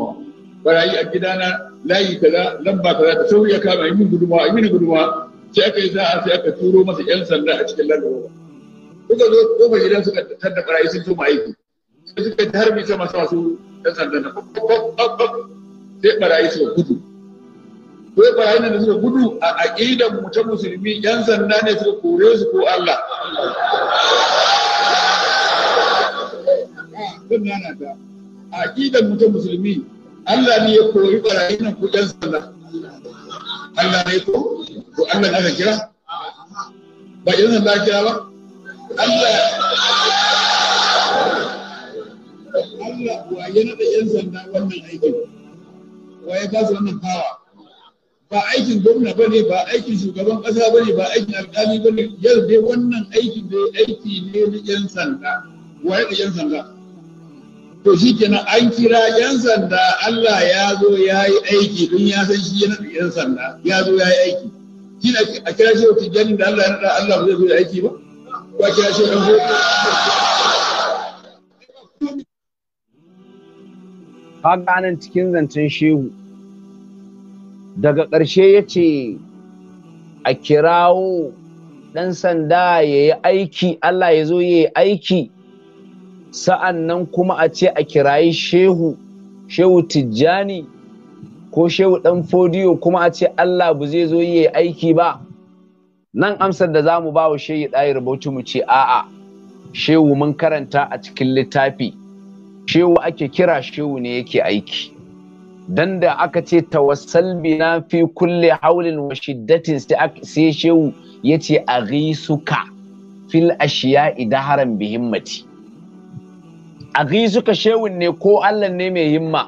Speaker 2: barayi a gidana layi kaza lamba kaza ta sauri ya kama yi min gudunmawa yi min gudunmawa sai aka yi sa'a sai aka turo masa yan sanda a cikin larduroba suka zo kuma gidan suka tattara barayi sun tuma aiki sai suka ta harbi sama sa su yan sanda na sai barayi suka gudu ko ya barayi da suka gudu a aƙidan ta musulmi yan sanda ne suka kore su ko Allah zan ta a aƙidan mutum musulmi Allah ne ya kori barayi nan ko yan sanda Allah ne ko to Allah aka kira ba irin Allah kira ba Allah Allah wa ya nada yan sanda wannan aikin wa ya kasa wannan fawa ba aikin gwamna ba ne ba aikin shugaban ƙasa ba ne ba aikin alƙali ba ne yau dai wannan aikin da aiki ne na yan sanda wa ya yan sanda to shi kenan an kira yan sanda Allah ya zo ya yi aiki don ya san shi ya da yan sanda ya zo ya yi aiki kila a kira shi wata janin da Allah ya rada Allah ba zai zo ya aiki ba ko a kira shi dan boko
Speaker 1: haka nan cikin zancen shehu daga ƙarshe ya ce a kirawo ɗan sanda ya yi aiki Allah ya zo ya yi aiki sa'an nan kuma a ce a kirayi shehu shehu tijjani ko shehu ɗan fodiyo kuma a ce Allah ba zai zo yi aiki ba nan amsar da za mu ba wa shehu ɗayar bauchi mu ce a'a shehu mun karanta a cikin littafi shehu ake kira shehu ne yake aiki dan da aka ce tawassal na fi kulle haulin wa shiddatin sai shehu ya ce a suka fil ashiya idaharan himmati a suka Shehu ne ko Allah ne mai himma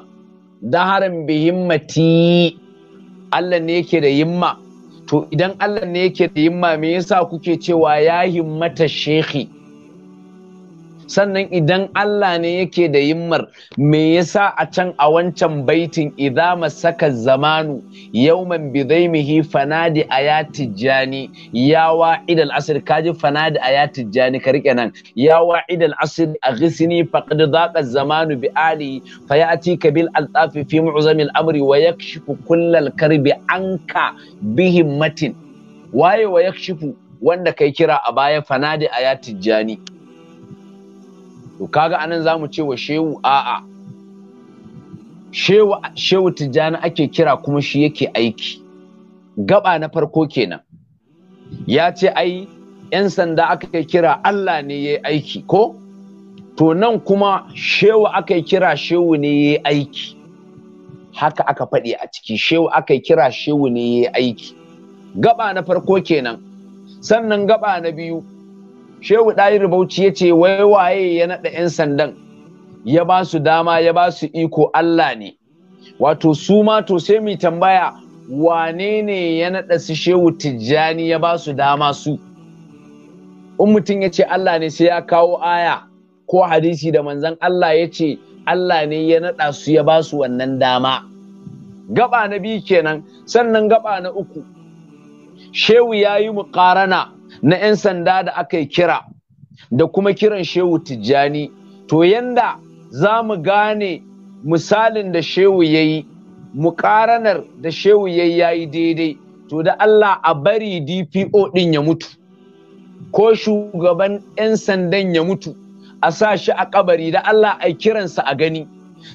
Speaker 1: daharan bi himmati Allah ne yake da himma to idan Allah ne yake da himma me yasa kuke cewa ya himmata shekhi sannan idan Allah ne yake da yimmar me yasa a can a wancan baitin idza masaka zamanu yawman bidaimihi fanadi ayati jani ya wa'id asr kaji fanadi ayati jani ka rike nan ya wa'id al-asr aghsini faqad daqa zamanu bi ali fayatika bil altafi fi mu'zam amri wa yakshifu kullal karbi anka bihimmatin waye wa yakshifu wanda kai kira a baya fanadi ayati jani to kaga anan zamu ce wa shehu a'a shehu shehu tijjani ake kira kuma shi yake aiki gaba na farko kenan ya ce ai yan sanda aka kira Allah ne yayi aiki ko to nan kuma shehu aka kira shehu ne yayi aiki haka aka faɗi a ciki shehu aka kira shehu ne yayi aiki gaba na farko kenan sannan gaba na biyu shehu ɗayir bauchi ya ce wai waye ya naɗa 'yan sandan ya ba su dama ya ba su iko Allah ne wato su ma to sai mu tambaya wane ne ya naɗa su shehu tijjani ya ba su dama su in mutum ya ce Allah ne sai ya kawo aya ko hadisi da manzan Allah ya ce Allah ne ya naɗa su ya ba su wannan dama gaba na biyu kenan sannan gaba na uku shehu ya yi muƙarana na 'yan sanda da aka yi kira da kuma kiran shehu tijjani to yanda za mu gane misalin da shehu ya yi mukaranar da shehu ya yi daidai to da Allah a bari DPO ɗin ya mutu ko shugaban 'yan sandan ya mutu a sa shi a ƙabari, da Allah a kiransa a gani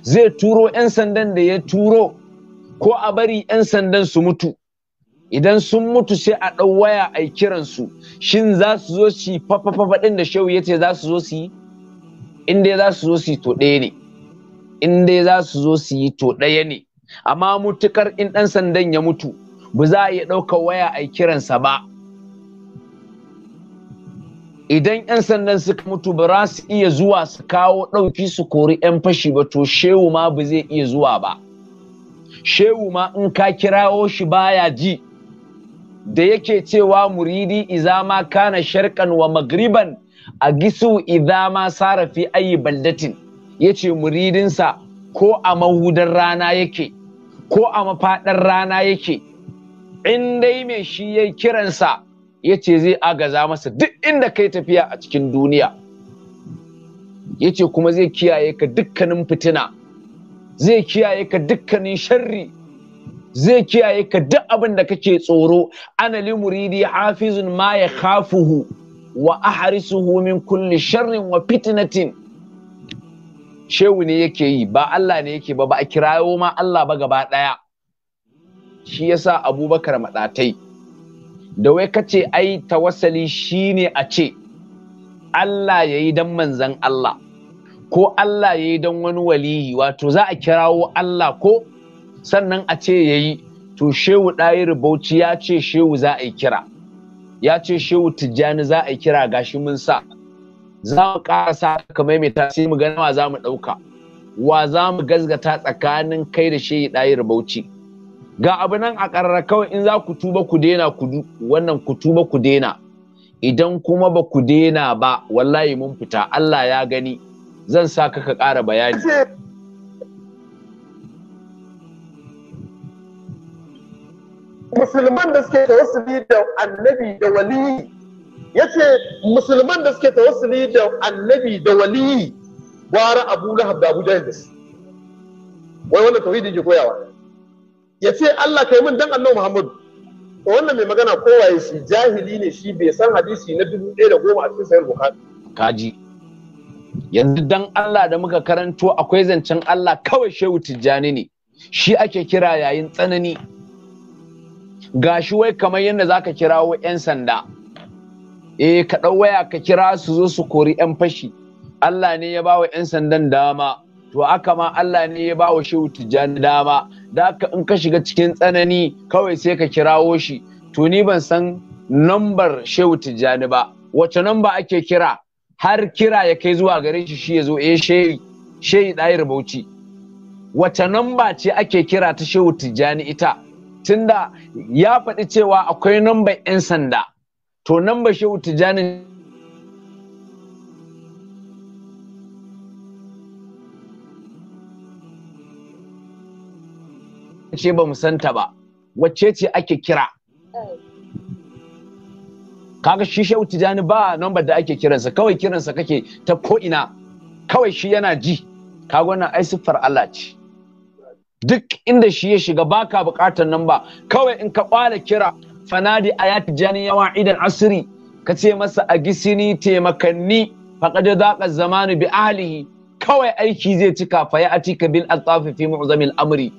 Speaker 1: zai turo 'yan sandan da ya turo ko a bari 'yan sandan su mutu idan sun mutu sai a ɗau waya a kiran shin za su zo su yi fafafafa ɗin da shehu ya ce za su zo su yi in dai za su zo su yi to ɗaya ne in dai za su zo su yi to ɗaya ne amma mutukar in ɗan sandan ya mutu ba za a iya ɗauka waya a kiransa ba idan 'yan sandan suka mutu ba za su iya zuwa su kawo ɗauki su kori 'yan fashi ba to shehu ma ba zai iya zuwa ba shehu ma in ka kirawo shi baya ji da yake cewa muridi izama kana sharkan wa magriban a gisu izama sarafi ayi baldatin yace muridinsa ko a mahudar rana yake ko a mafaɗar rana yake in dai mai shi ya kiransa yace zai agaza masa duk inda kai tafiya a cikin duniya Yace kuma zai kiyaye ka dukkanin fitina zai kiyaye ka dukkanin sharri zai kiyaye ka duk abin da kake tsoro ana li muridi hafizun ma ya khafuhu wa ahrisuhu min kulli sharrin wa fitnatin shehu ne yake yi ba Allah ne yake ba ba a kirayo ma Allah ba gaba daya shi yasa Abubakar maɗatai. da wai kace ai tawassali shine a ce Allah ya yi dan manzan Allah ko Allah ya yi dan wani waliyi wato za a kirawo Allah ko sannan a ce ya yi to shehu ɗayi rubauci ya ce shehu za a yi kira ya ce shehu tijjani za a yi kira gashi mun sa za mu ƙarasa ka maimaita sai mu gani wa za mu ɗauka wa za mu gazgata tsakanin kai da shehu ɗayi rubauci? ga abu nan a ƙarara kawai in za ku tuba ku daina ku wannan ku tuba ku daina, idan kuma ba ku dena ba wallahi mun fita Allah ya gani zan sa ka ka ƙara bayani
Speaker 2: musulman da suke tawassuli da annabi da waliyi yace musulman da suke tawassuli da annabi da waliyi gwara abu lahab da abu jahil da su wai wannan tauhidin ke koyawa ya ce Allah kai min dan annabi Muhammadu to wannan mai magana kowaye shi jahili ne shi bai san hadisi na dubu ɗaya da goma a cikin sayar bukari kaji
Speaker 1: yanzu dan Allah da muka karanto akwai zancen Allah kawai shehu tijjani ne shi ake kira yayin tsanani Ga shi wai kamar yadda za ka kirawo 'yan sanda eh ka ɗau waya ka kira su zo su kori 'yan fashi Allah ne ya bawa 'yan sandan dama to aka ma Allah ne ya bawa shehu tijjani dama da ka in ka shiga cikin tsanani kawai sai ka kirawo shi to ni ban san nambar shehu tijjani ba wace namba ake kira har kira ya kai zuwa gare shi shi ya zo eh shehi shehi ɗayar bauchi wace namba ce ake kira ta shehu tijjani ita tunda ya faɗi cewa akwai nambar 'yan sanda to nambar shehu tijjani ce ba mu ba wacce ce ake kira kaga shi shehu tijjani ba nambar da ake kiransa kawai kiransa kake ta ko'ina kawai shi yana ji kaga wannan ai siffar Allah ce duk inda shi ya shiga baka bukatar nan ba kawai in ka kwala kira fanadi ayati jani yawa idan asiri ka ce masa a gisini taimakanni faqad daqa zamanu bi ahlihi kawai aiki zai cika a ya'ti ka bil atafi fi mu'zamil amri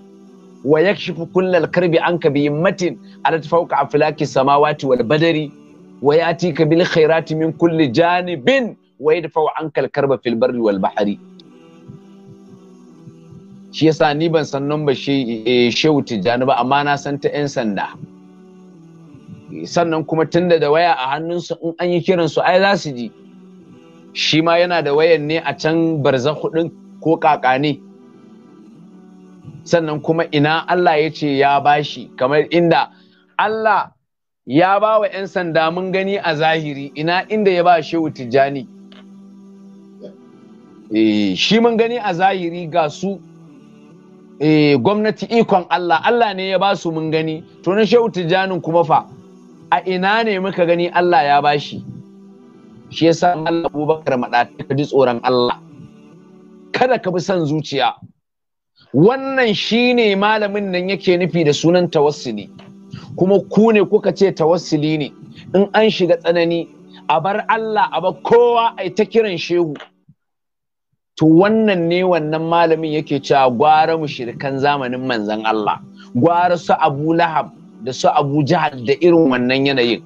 Speaker 1: wa yakshifu kullal karbi anka bi himmatin ala a aflaki samawati wal badari wa ti ka bil khairati min kulli janibin wa yadfa'u anka al karba fil barri wal bahri shi yasa ni ban san numba eh, shehu tijjani ba amma na san ta 'yan sanda sannan kuma tunda da waya a hannunsu in an yi kiran su ai za su ji shi ma yana da wayan ne a can barza hudun ko kaka sannan kuma ina Allah ya ce ya bashi kamar inda Allah ya ba wa 'yan sanda mun gani a zahiri ina inda ya ba shehu tijjani eh, shi mun gani a zahiri ga su eh, gwamnati ikon Allah Allah ne ya ba su mun gani to na shehu tijjanin kuma fa a ina ne muka gani Allah ya ba shi shi san Allah Abubakar maɗa ka ji tsoron Allah kada ka bi son zuciya wannan shine malamin nan yake nufi da sunan tawassuli kuma ku ne kuka ce tawassuli ne in an shiga tsanani a bar Allah a bar kowa a ta kiran shehu to wannan ne wannan malamin yake cewa gwara mushrikan zamanin manzan Allah gwara su Abu Lahab da su Abu Jahal da irin wannan yanayin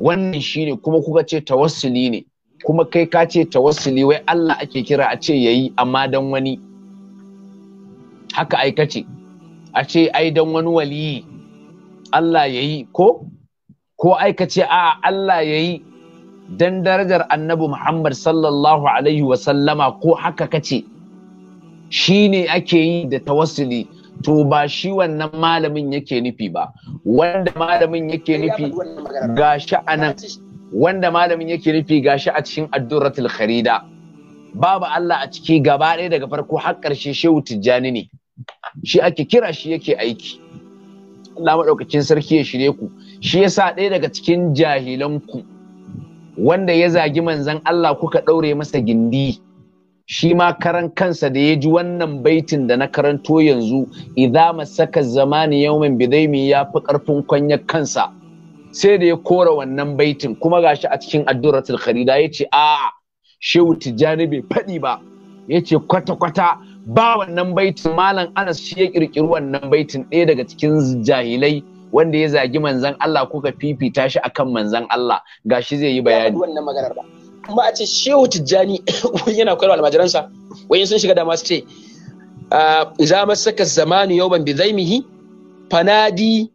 Speaker 1: wannan shine kuma kuka ce tawassuli ne kuma kai ka ce tawassuli wai Allah ake kira a ce yayi amma dan wani haka aikace a ce ai dan wani waliyi Allah yayi ko ko aikace a Allah yayi dan darajar annabi Muhammad sallallahu alaihi wasallama ko haka kace shi ne ake yi da tawassuli to ba shi wannan malamin yake nufi ba wanda malamin yake nufi gashi a wanda malamin yake nufi gashi a cikin addurratul kharida babu Allah a ciki gaba ɗaya daga farko har ƙarshe shehu tijjani ne shi ake kira shi yake aiki Allah maɗaukacin sarki ya shirye ku shi yasa ɗaya daga cikin jahilan ku wanda ya zagi manzan Allah kuka ɗaure masa gindi shi ma karan kansa da ya ji wannan baitin da na karanto yanzu idza masaka zamani yawmin bidaimi ya fi ƙarfin kwanyar kansa sai da ya kora wannan baitin kuma gashi a cikin addu'ratul kharida yace a shehu tijani bai faɗi ba yace kwata kwata ba wannan baitin malam Anas shi ya ƙirƙiri wannan baitin ɗaya daga cikin jahilai wanda ya zagi manzan Allah kuka fifita shi akan manzan Allah gashi zai yi bayani wannan maganar ba kuma a ce shehu tijjani yana koyarwa almajiransa Wani sun shiga dama su ce ah, za masaka zamanu yawman bi zaimihi fanadi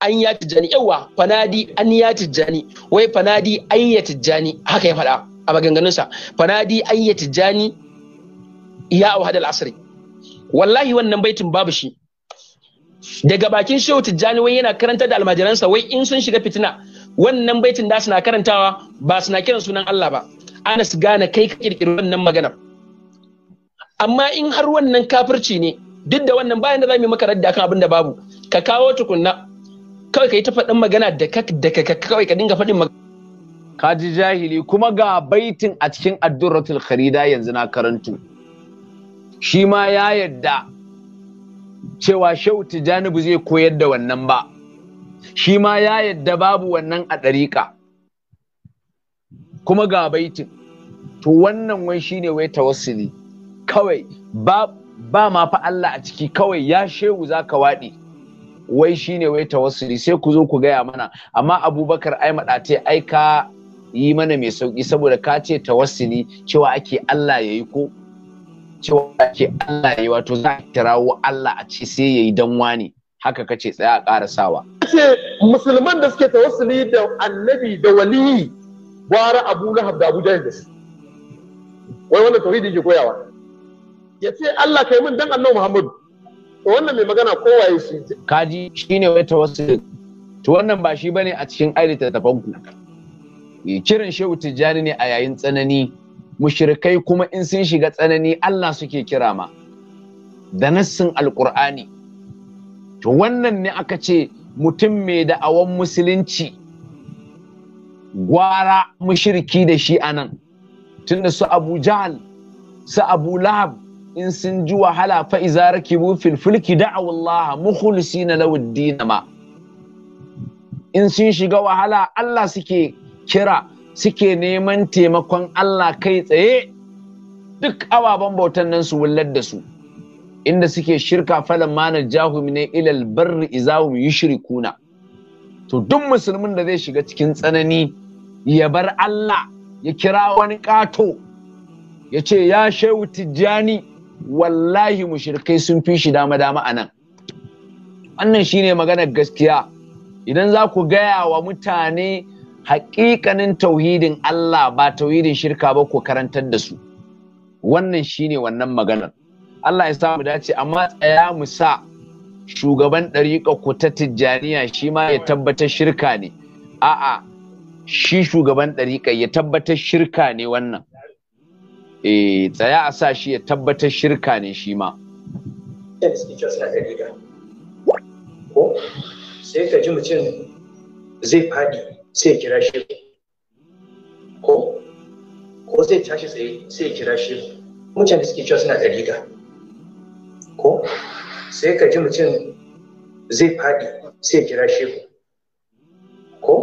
Speaker 1: an ya tijjani yawa fanadi an ya tijjani wai fanadi an ya tijjani haka ya faɗa a maganganunsa fanadi an ya tijjani ya wahadal asri wallahi wannan baitin babu shi daga bakin shehu tijjani wai yana karanta da almajiransa wai in sun shiga fitina wannan baitin da suna karantawa ba suna kiran sunan Allah ba anas gane kai ka kirkiri wannan magana amma in har wannan kafirci ne duk da wannan bayan da zamu maka radda kan abin da babu ka kawo tukunna kawai ka ta faɗin magana da ka da ka kawai ka dinga faɗin magana ka ji jahili kuma ga baitin a cikin addurratul kharida yanzu na karantu shi ma ya yadda cewa shehu tijjani ba zai koyar da wannan ba shi ma ya yadda babu wannan a ɗariƙa kuma ga baitin to wannan wai shi ne wai tawassuli kawai ba ma fa Allah a ciki kawai ya shehu zaka waɗi wai shi ne wai tawassuli sai ku zo ku gaya mana amma abubakar ai maɗa ai aika yi mana mai sauƙi saboda ka ce tawassuli cewa ake Allah ya yi ko cewa ake Allah ya wato za ka kirawo Allah a ce sai yayi dan wani haka kace tsaya a karasawa
Speaker 2: ce musulman da suke tawassuli da annabi da wali gwara Abu Lahab da Abu Jahl da su wai wannan tauhidi ke koyawa ya ce Allah kai min dan Annabi Muhammadu
Speaker 1: to wannan mai magana kowa ya shi kaji shine wai tawassul to wannan ba shi bane a cikin ayyukan tafanku kiran shehu tijjani ne a yayin tsanani mushrikai kuma in sun shiga tsanani Allah suke kira ma da nassin alkur'ani to wannan ne aka ce mutum mai da'awan musulunci gwara mushriki da shi anan tunda su abu jahal su abu lahab in sun ji wahala fa iza rakibu fil fulki da'aw Allah mukhlisina na ma in sun shiga wahala Allah suke kira suke neman taimakon Allah kai tsaye duk ababen bautan nan su wullar da su inda suke shirka falan mana jahumi ne ilal barri yi yushrikuna to duk musulmin da zai shiga cikin tsanani ya bar Allah ya kira wani ƙato ya ce ya shehu tijjani wallahi mushrikai sun fi shi dama dama anan. nan wannan shine maganar gaskiya idan za ku gaya wa mutane haƙiƙanin tauhidin Allah ba tauhidin shirka ba ko karantar da su wannan shine wannan maganar Allah ya samu dace amma tsaya mu sa shugaban ɗariƙa ku ta tijjaniya shi ma ya tabbatar shirka ne a'a shi shugaban ɗariƙa ya tabbatar shirka ne wannan eh tsaya a sa shi ya tabbatar shirka ne shi ma
Speaker 3: sai ka ji mutum zai faɗi sai kira shi ko ko zai tashi tsaye sai kira shi mutum da suke cewa suna da ko sai ka ji mutum zai faɗi sai kira shi ko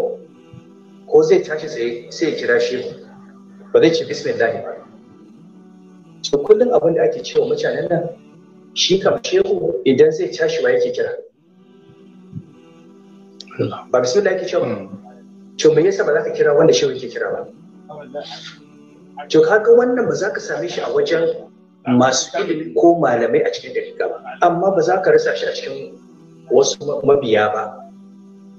Speaker 3: ko zai tashi tsaye sai kira shi ba zai ce bismillah ba to kullum abin da ake cewa mutanen nan shi kam shehu idan zai tashi wa yake kira ba bismillah yake cewa to me yasa ba za ka kira wanda shi yake kira ba to kaga wannan ba za ka same shi a wajen masu ilimi ko malamai a cikin dariƙa ba amma ba za ka rasa shi a cikin wasu mabiya ba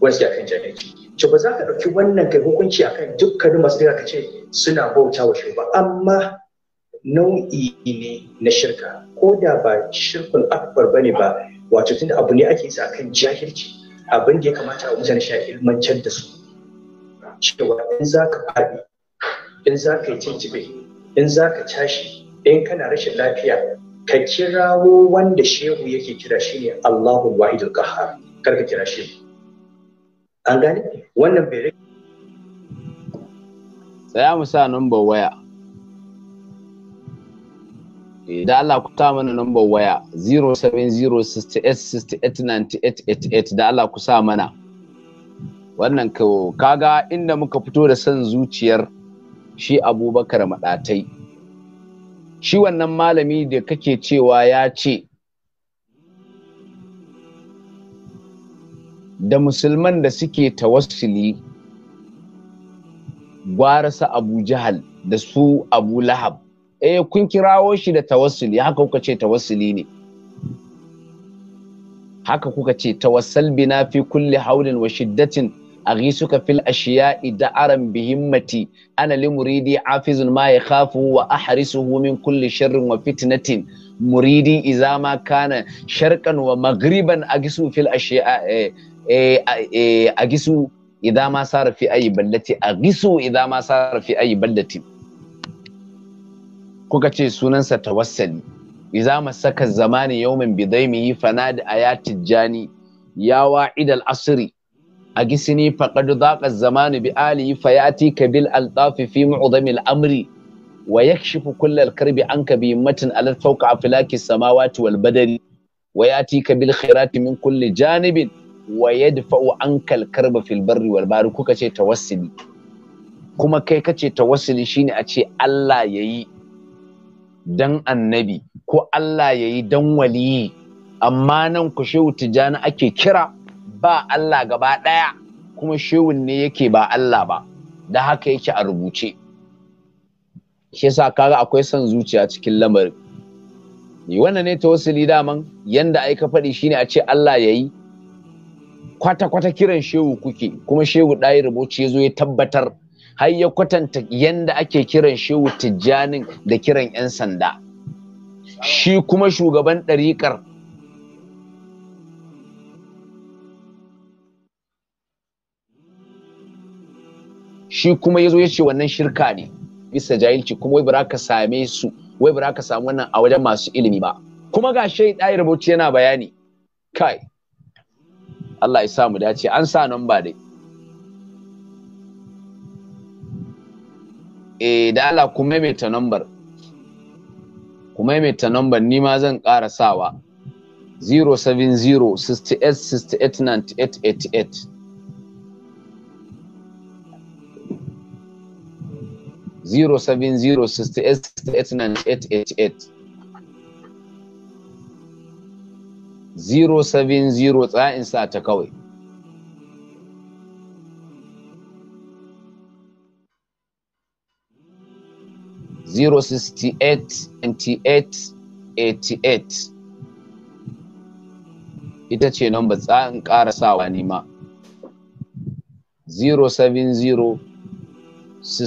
Speaker 3: wasu ya kan jami'a to ba za ka ɗauki wannan kai hukunci akan dukkanin masu dariƙa ka ce suna bauta wa shugaba. amma nau'i ne na shirka ko da ba shirkun akbar ne ba wato tunda abu ne ake a kan jahilci abin da ya kamata a wajen shi ilmantar da su cewa in za ka faɗi in za ka yi cincibe in za ka tashi in kana rashin lafiya ka kirawo wanda shehu yake kira shi ne Allahu wahidul qahhar kar ka kira shi an gane
Speaker 1: wannan bai rage. tsaya mu sa number waya da Allah eh, ku ta mana number waya 07068689888 da Allah ku sa mana wannan kaga inda muka fito da son zuciyar shi abubakar maɗatai shi wannan malami da kake cewa ya ce da musulman da suke tawassuli gwara sa abu jahal da su abu lahab eh kun kirawo shi da tawassuli haka kuka ce tawassuli ne haka kuka ce tawassal bina fi kulli haulin wa shiddatin aghisuka fil ashiya'i da'aran bi himmati ana li muridi afizun ma yakhafu wa ahrisuhu min kulli sharrin wa fitnatin muridi idza kana sharqan wa maghriban aghisu fil ma sara ayi ballati aghisu idza ma sara fi ayi ballati kuka ce sunansa tawassali idza masaka zamani yawmin bidaimihi fanadi ayatid Tijjani ya wa'idal asiri. a gisini faƙad zaƙa zamani bi alihi fa yati kabil altafi fi mu'damil amri wa yakshifu kullal karbi anka bi matin alal fawqa aflaki samawati wal badari wa yati kabil khairati min kulli janibin wa yadfa'u ankal karba fil barri wal bahri kuka ce tawassuli kuma kai kace tawassuli shine a ce Allah yayi dan annabi ko Allah yayi dan waliyi amma nan ku shehu tijani ake kira ba Allah gaba ɗaya kuma shehun ne yake ba Allah ba da haka yake a rubuce shi yasa kaga akwai son zuciya cikin lamarin ni wannan ne tawassuli daman yanda ai ka faɗi shine a ce Allah yayi kwata kwata kiran shehu kuke kuma shehu ɗaya rubuce ya zo ya tabbatar har ya kwatanta yanda ake kiran shehu tijjanin da kiran 'yan sanda shi kuma shugaban ɗariƙar shi kuma ya zo ya ce wannan shirka ne bisa jahilci kuma wai ba ka same su wai ba ka samu wannan a wajen masu ilimi ba kuma ga shai ɗaya rubuci yana bayani kai Allah ya sa mu dace an sa nan ba dai eh da Allah ku maimaita nambar ku maimaita nambar ni ma zan ƙara sawa 070 68 68 98 88 0706869888 070 tsa'in sa ta kawai zero sixty eight twenty eight eighty eight ita ce nan ba tsarin ƙarasawa ne ma zero seven zero ba a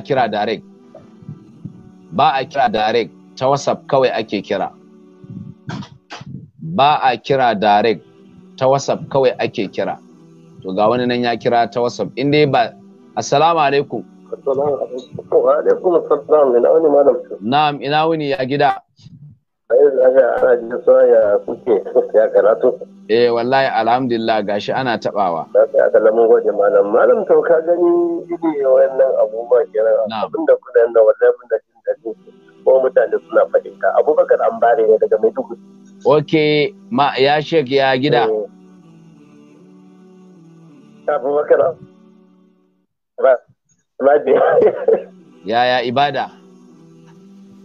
Speaker 1: kira direct ba a kira direct ta whatsapp kawai ake kira ba a kira direct ta whatsapp kawai ake kira to ga wani nan ya kira ta whatsapp inda ba assalamu alaikum Na'am ina wuni ya gida. Eh wallahi alhamdulillah gashi ana tabawa.
Speaker 2: Aka lamun gode malam. Malam to ka gani ne wannan abubuwa abinda da wallahi abinda jin dadi ko mutane suna faɗin ka. Abubakar an bare ne daga Maiduguri.
Speaker 1: Okay ma ya shek ya gida.
Speaker 2: Eh. Abubakar
Speaker 1: Yaya ibada?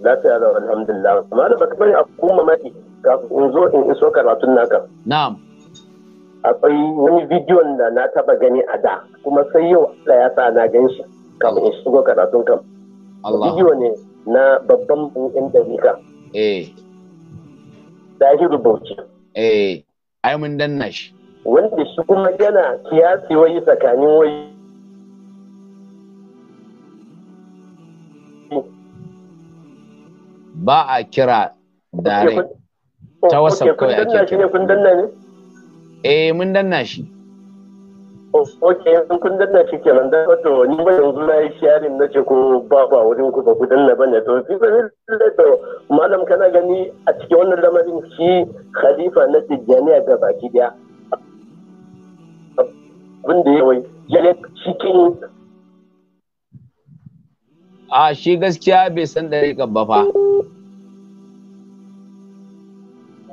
Speaker 2: Lafiya da alhamdulillah. Malam baka bari a kuma maki kafin in zo in iso karatun naka. Na'am. Akwai wani bidiyon da na taba gani a da kuma sai yau Allah ya sa na gan shi kafin in shigo karatun kam. Allah. Bidiyo ne na babban yan dalika. Eh. Dahiru Bauchi. Eh. Ai mun danna shi. Wanda shi kuma yana kiyasi wai tsakanin wai
Speaker 1: ba a kira dare ta whatsapp kawai ake kira kun danna ne eh mun danna shi
Speaker 2: oh, ok in kun danna shi ke nan da wato ni ba yanzu na yi sharin na ce ko ba ba wurin ku ba ku danna bane to fi ba ne to malam kana gani a cikin wannan lamarin shi khalifa na tijjaniya ga baki daya abin da yawai ya cikin
Speaker 1: a shi gaskiya bai san dariƙar ba fa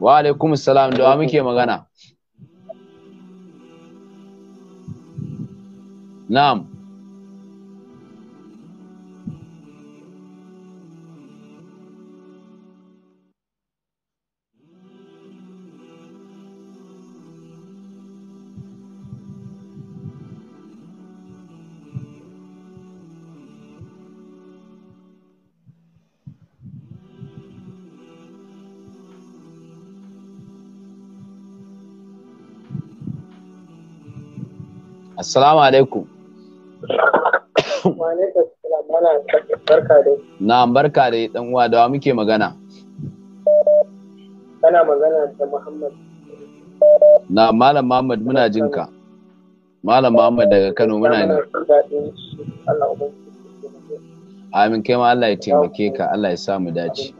Speaker 1: Wa alaikum salam da wa muke magana. Na'am. Assalamu alaikum. Na barka da ɗan uwa da muke magana.
Speaker 2: Kana magana da Muhammad.
Speaker 1: Na Malam Muhammad muna jinka. Malam Muhammad daga Kano muna ne. Amin kai ma Allah ya taimake ka Allah ya sa mu dace.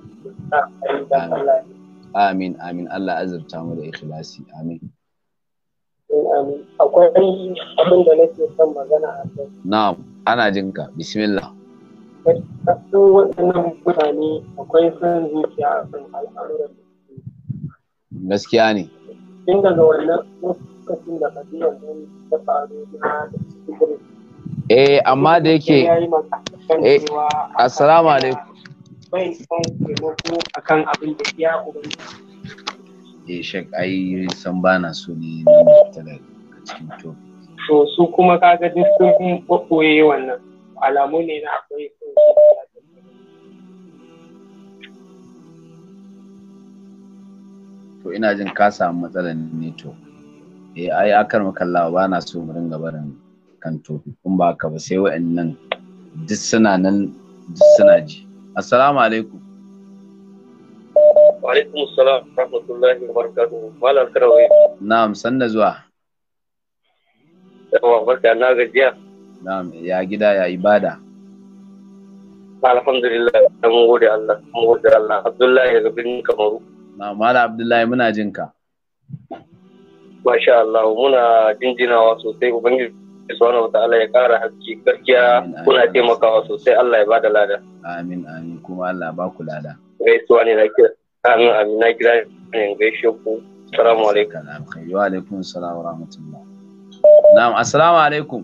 Speaker 1: Amin amin Allah azurta mu da ikhlasi amin.
Speaker 4: Um, akwai abin da nake son magana a kai
Speaker 1: na'am ana jinka bismillah
Speaker 4: waɗannan mutane akwai son zuciya
Speaker 2: a kan al'amuran gaskiya ne tun daga wannan lokacin da ta faru na da cikin
Speaker 1: eh amma da yake eh assalamu alaikum
Speaker 3: bai son taimako akan abin da ya ubangiji
Speaker 1: eh shek ai san na so ne na
Speaker 2: fita da cikin to to su kuma kaga duk sun koye wannan alamu ne na akwai sun
Speaker 1: to ina jin ka samu matsalar ne network eh ai akar makalla ba na so mu ringa barin kan topic kun ba ka ba sai wa'annan duk suna nan duk suna ji assalamu alaikum
Speaker 2: Wa alaikum salam rahmatullahi wa barakatuhu. Malam Karawai.
Speaker 1: Na'am, sanna zuwa.
Speaker 2: Yawa barka na gajiya.
Speaker 1: ya gida ya ibada.
Speaker 2: Alhamdulillah, mun gode Allah, mun gode Allah. Abdullahi daga birnin Kamaru.
Speaker 1: mala Abdullahi muna jin ka.
Speaker 2: Masha Allah, muna jinjinawa sosai Ubangiji subhanahu wa ta'ala ya kara hakki gaskiya kuna taimakawa sosai Amin
Speaker 1: amin kuma Allah ba ku lada.
Speaker 2: Gaisuwa ne na kira. amin na kira ne gaishe ku assalamu alaikum
Speaker 1: wa alaikum assalam rahmatullah na'am assalamu alaikum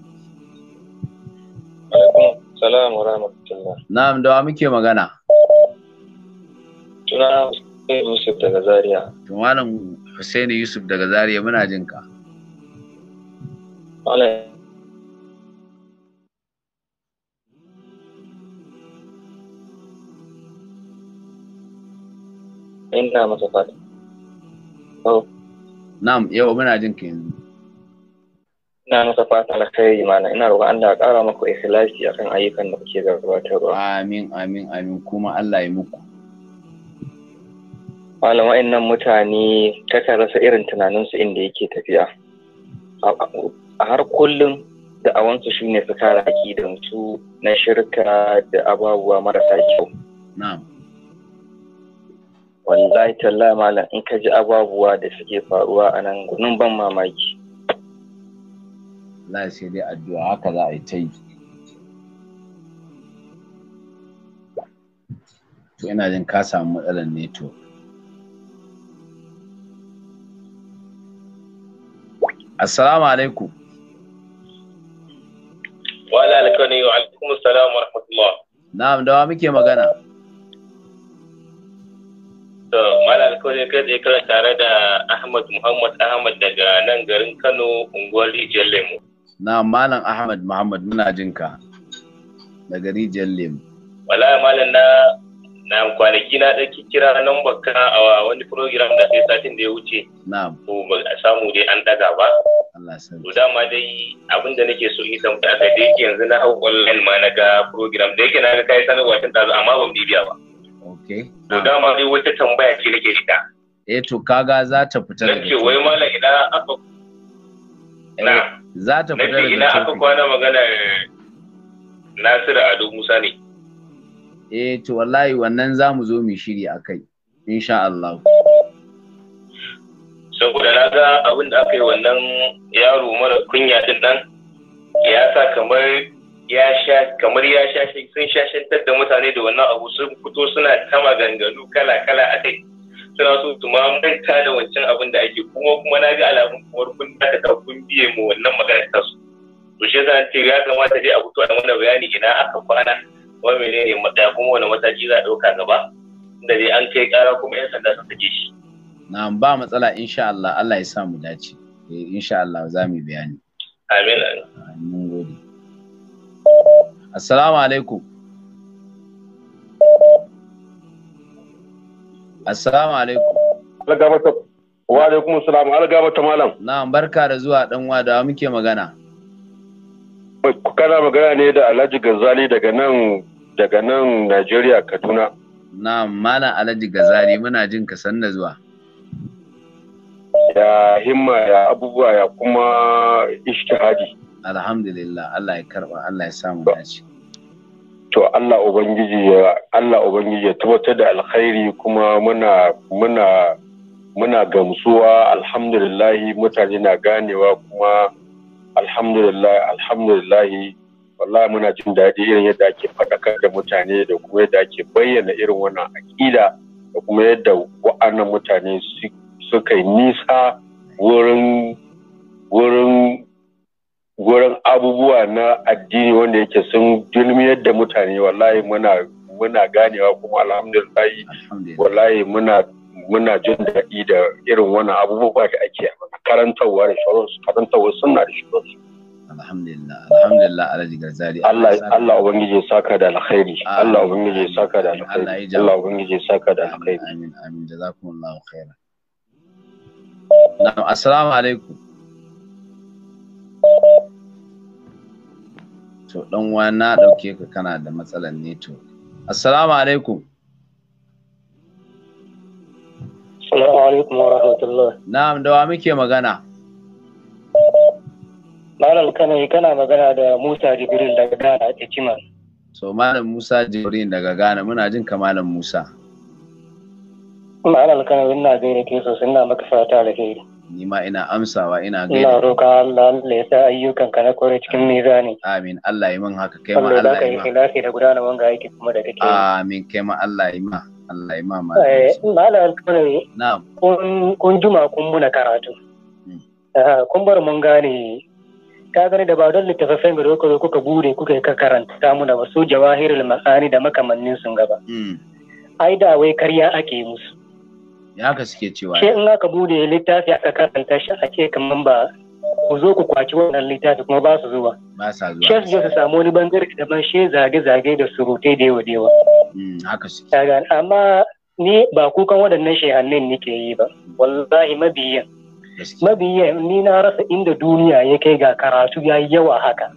Speaker 2: alaikum assalam rahmatullah
Speaker 1: na'am da muke magana
Speaker 2: tuna Yusuf daga Zaria.
Speaker 1: Malam Hussaini Yusuf daga Zaria muna jinka.
Speaker 2: ina masa fata oh
Speaker 1: na'am yau muna jin ki yanzu
Speaker 2: ina masa fata na alkhairi mana ina roƙon Allah ya ƙara muku ikhlasi
Speaker 1: akan ayyukan da kuke gabatarwa amin amin amin kuma Allah ya muku
Speaker 2: malam wa'annan mutane kakan rasa irin tunaninsu inda yake tafiya a har kullum da'awansu ne su kare akidansu na shirka da ababuwa marasa kyau na'am wallahi talla malam in ka ji ababuwa da suke faruwa a nan gunin ban mamaki
Speaker 1: Allah sai dai addu'a haka za a yi ta yi to ina jin ka samu matsalar to? assalamu alaikum
Speaker 2: wa alaikum assalam wa rahmatullah
Speaker 1: na'am dawa muke magana
Speaker 2: Malam Alkawari kai tsaye kana tare da Ahmad Muhammad Ahmad daga nan garin Kano, unguwar Rijiyar Lemu.
Speaker 1: Na Malam Ahmad Muhammad muna jin ka daga Rijiyar Lemu.
Speaker 2: Wala Malam na na kwanaki na ɗauki kira nan baka a wani program da sai satin da ya wuce. Na. Ko ba a samu dai an ɗaga ba. Allah sarki. To dama dai abin da nake so in tambaya da yake yanzu na hau online ma na ga program da yake na ga kai sanarwa tun da amma ban bibiya ba. Okay. To ah. dama dai wata tambaya ce nake ita.
Speaker 1: Eh to kaga za ta fita da Nace wai mala
Speaker 2: ina aka eh, na
Speaker 1: za ta fita daga. Ina aka
Speaker 2: kwana magana Nasiru Ado Musa ne.
Speaker 1: Eh to wallahi wannan za mu zo mu shiri akai insha Allah.
Speaker 2: Saboda na ga abin da aka yi wannan yaro mara kunya din nan ya sa kamar ya sha kamar ya sha sun shashantar da mutane da wannan abu sun fito suna ta maganganu kala kala a kai suna so su manta da wancan abin da ake kuma kuma na ga alamun kamar kun ta ta kun biye mu wannan magana ta su to shi yasa ce ya kamata dai a fito a wannan bayani ina aka kwana wa menene mata kuma wani mataki za a dauka gaba da dai an kai kara kuma yan sanda sun take shi
Speaker 1: na'am ba matsala insha Allah Allah ya sa mu dace eh, insha Allah za mu bayani
Speaker 3: amin amin
Speaker 1: Assalamu alaikum. Assalamu alaikum. Algamata. Wa alaikum assalam. Algamata malam. Na'am barka da zuwa dan da muke magana.
Speaker 2: Kana magana ne da Alhaji Gazali daga nan daga nan Najeriya Kaduna.
Speaker 1: Na'am malam Alhaji Gazali muna jin ka sanna da zuwa.
Speaker 2: Ya himma ya abubuwa
Speaker 1: ya kuma ishtihadi. alhamdulillah Allah ya karba Allah ya samu dace
Speaker 2: to Allah ubangiji ya Allah ubangiji ya tabbatar da alkhairi kuma muna muna muna gamsuwa alhamdulillah mutane na ganewa kuma alhamdulillah alhamdulillah wallahi muna jin daɗi irin yadda ake faɗakar da mutane da kuma yadda ake bayyana irin wannan aƙida da kuma yadda wa'annan mutane suka yi nisa wurin wurin gurin abubuwa na addini wanda yake sun dulmiyar da mutane wallahi muna muna ganewa kuma alhamdulillah wallahi muna muna jin daɗi da irin wannan abubuwa da ake karantarwa da shawararsu karantarwa suna da shawararsu alhamdulillah alhamdulillah alhaji garzali Allah Allah ubangiji ya saka da alkhairi Allah ubangiji ya saka da alkhairi Allah ubangiji ya saka da alkhairi amin
Speaker 1: amin jazakumullahu khairan
Speaker 2: na'am assalamu alaikum
Speaker 1: to dan uwa na dauke ka kana da matsalan neto assalamu alaikum assalamu alaikum wa rahmatullah na'am da wa muke magana
Speaker 4: malam kana kana magana da Musa Jibril daga Ghana a Kimar
Speaker 1: so malam Musa Jibril daga Ghana muna jin ka malam Musa
Speaker 4: malam kana ina da ke sosai suna maka fata da alheri
Speaker 1: ni ma ina amsawa ina gaida ina
Speaker 4: roƙa Allah Allah ya sa ayyukan ka na kore cikin mizani
Speaker 1: amin Allah ya min haka kai ma Allah ya ma Allah ya da gudana wanga aiki kuma da kake amin kai ma Allah ya ma Allah ya ma ma eh
Speaker 4: malam alƙalami na'am kun kun juma kun muna karatu hmm. ah, kun bar mun gane ka gani da ba don littafafen da kuka kuka bude kuka yi ka karanta muna wasu jawahirul ma'ani da makamannin sun gaba hmm. ai da wai karya ake musu
Speaker 1: haka suke cewa shi
Speaker 4: in aka bude littafi aka karanta shi a ce kaman ba ku zo ku kwaci wannan littafi kuma ba su zuwa
Speaker 1: ba sa
Speaker 3: zuwa
Speaker 4: shi su samu wani bangare ban shi zage zage da surutai da yawa da yawa hmm, haka suke amma ni ba kukan waɗannan shehannin nake yi ba wallahi mabiyan mabiyan ni na rasa inda duniya ya kai ga karatu ya yi yawa haka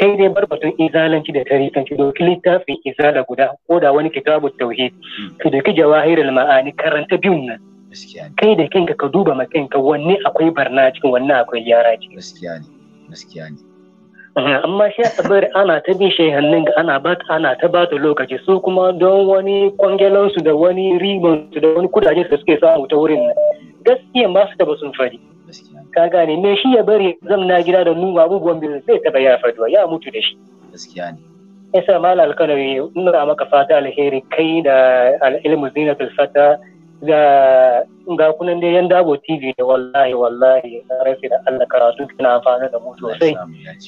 Speaker 4: kai dai bar batun izalanci da tarikanci doki littafin izala guda ko da wani kitabu tauhid hmm. ka doki jawahirul ma'ani karanta biyun nan kai da kinka ka duba ma kanka wanne akwai barna cikin wanne
Speaker 3: akwai yara cikin gaskiya ne gaskiya
Speaker 4: ne amma shi a ana ta bi shi hannun ga ana ba ana ta ba lokaci su kuma don wani kwangelansu da wani ribonsu da wani kudajen da suke samu ta wurin nan gaskiya ba su ba sun fari ka gane me shi ya bari na gida da nuna abubuwan biyu zai taba ya faduwa ya mutu da shi gaskiya ne yasa mala alkalari nuna maka fata alheri kai da al'ilmu zinatul fata ga ga kunan da yan dabo tv da wallahi wallahi na rafi da allah karatu kina amfani da mu sosai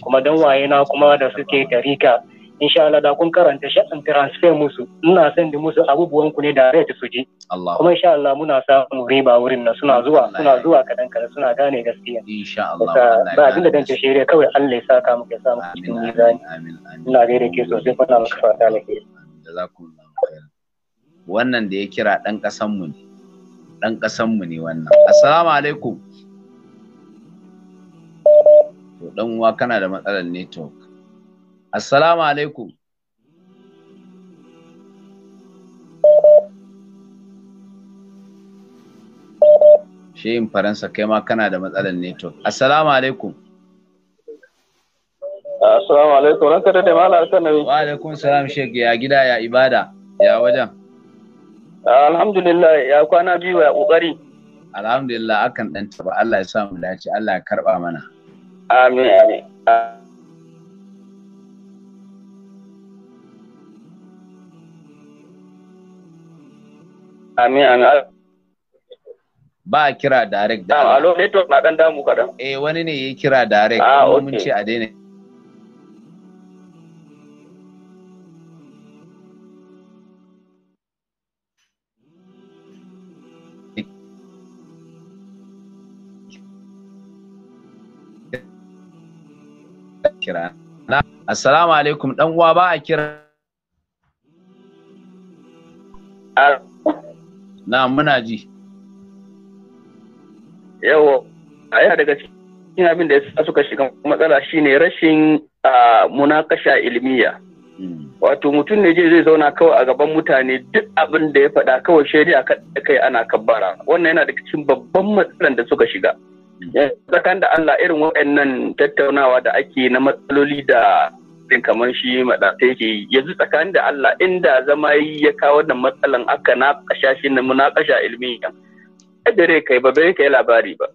Speaker 4: kuma dan waye na kuma da suke tarika insha Allah da kun karanta shi an transfer musu ina sanda musu abubuwan ku ne da rate su ji
Speaker 3: kuma insha
Speaker 4: Allah muna samu riba wurin nan suna zuwa suna zuwa kadan kadan suna gane gaskiya insha Allah ba abinda dan ta shirye kawai Allah ya saka muke samu cikin mizani ina gaida
Speaker 3: ke sosai fara maka fata alheri
Speaker 1: jazakumullahu wannan da ya kira dan kasan mu ne dan kasan mu ne wannan assalamu alaikum to dan uwa kana da matsalar network Assalamu alaikum. Shehin Faransa kai ma kana da matsalar network. Assalamu alaikum.
Speaker 2: Assalamu alaikum. Ranka da da malar
Speaker 1: nabi. Wa alaikum salam Sheikh ya gida ya ibada ya wajen. Alhamdulillah
Speaker 2: ya kwana biyu ya kokari.
Speaker 1: Alhamdulillah akan dan taba Allah ya sa mu dace Allah ya karba mana.
Speaker 2: Amin amin. Amin, amin.
Speaker 1: Ba a kira direct da. Alo,
Speaker 2: network na dan damu kaɗan. Eh,
Speaker 1: wani ne ya kira direct. Ah, okay. Mun ce a daina kira. Assalamu alaikum dan uwa ba a kira.
Speaker 2: na muna ji Yawo, a yana daga cikin abin da ya suka shiga matsala shine rashin munakasha ilmiya hmm. wato mutum ne zai zauna kawai a gaban mutane duk abin da ya faɗa kawai shari'a kai ana kabbara wannan yana daga cikin babban matsalan da suka shiga hmm. tsakan da Allah irin waɗannan tattaunawa da ake na matsaloli da din kamar shi maɗaɗa yake yi yanzu tsakanin da Allah inda zama yi ya kawo wannan matsalan aka na ƙasha shi na muna ƙasha ilmi yan dare kai ba bai kai labari ba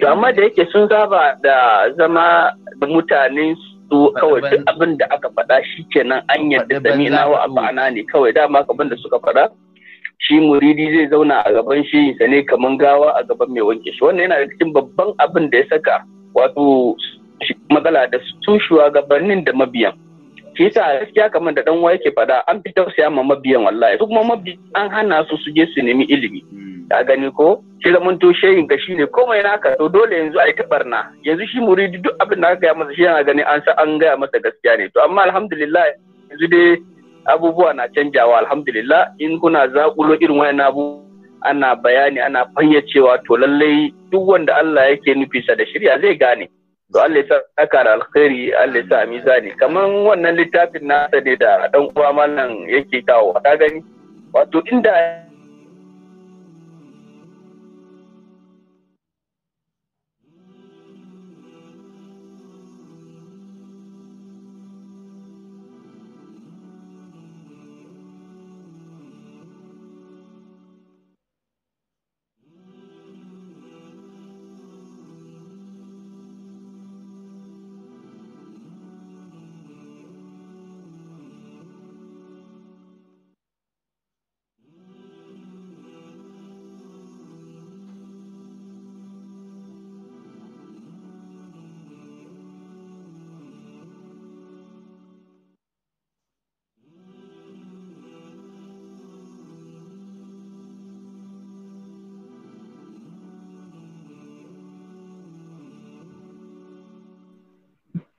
Speaker 2: to amma da yake sun zaba da zama da mutane su kawai duk abin da aka faɗa shi kenan an yadda sami na wa ma'ana ne kawai dama abin da suka faɗa shi muridi zai zauna a gaban shi ne kamar gawa a gaban mai wanke shi wannan yana cikin babban abin da ya saka wato matsala da su shugabannin da mabiyan shi yasa gaskiya kamar da danwa yake faɗa an fi tausaya ma mabiyan wallahi su kuma mabiyan an hana su su je su nemi ilimi hmm. ka gani ko shi mun to shehin ka shine komai naka to dole yanzu yi ta barna yanzu shi muridi duk abin da aka gaya masa shi yana gani an sa an gaya masa gaskiya ne to amma alhamdulillah yanzu dai abubuwa na canjawa alhamdulillah in kuna zaƙulo irin wayannan abubuwa ana bayani ana fayyacewa to lallai duk wanda Allah yake nufi sa da shirya zai gane to Allah ya saka da alkhairi Allah ya sa mizani kaman wannan littafin nasa ne da dan uwa mallan yake kawo ka gani wato inda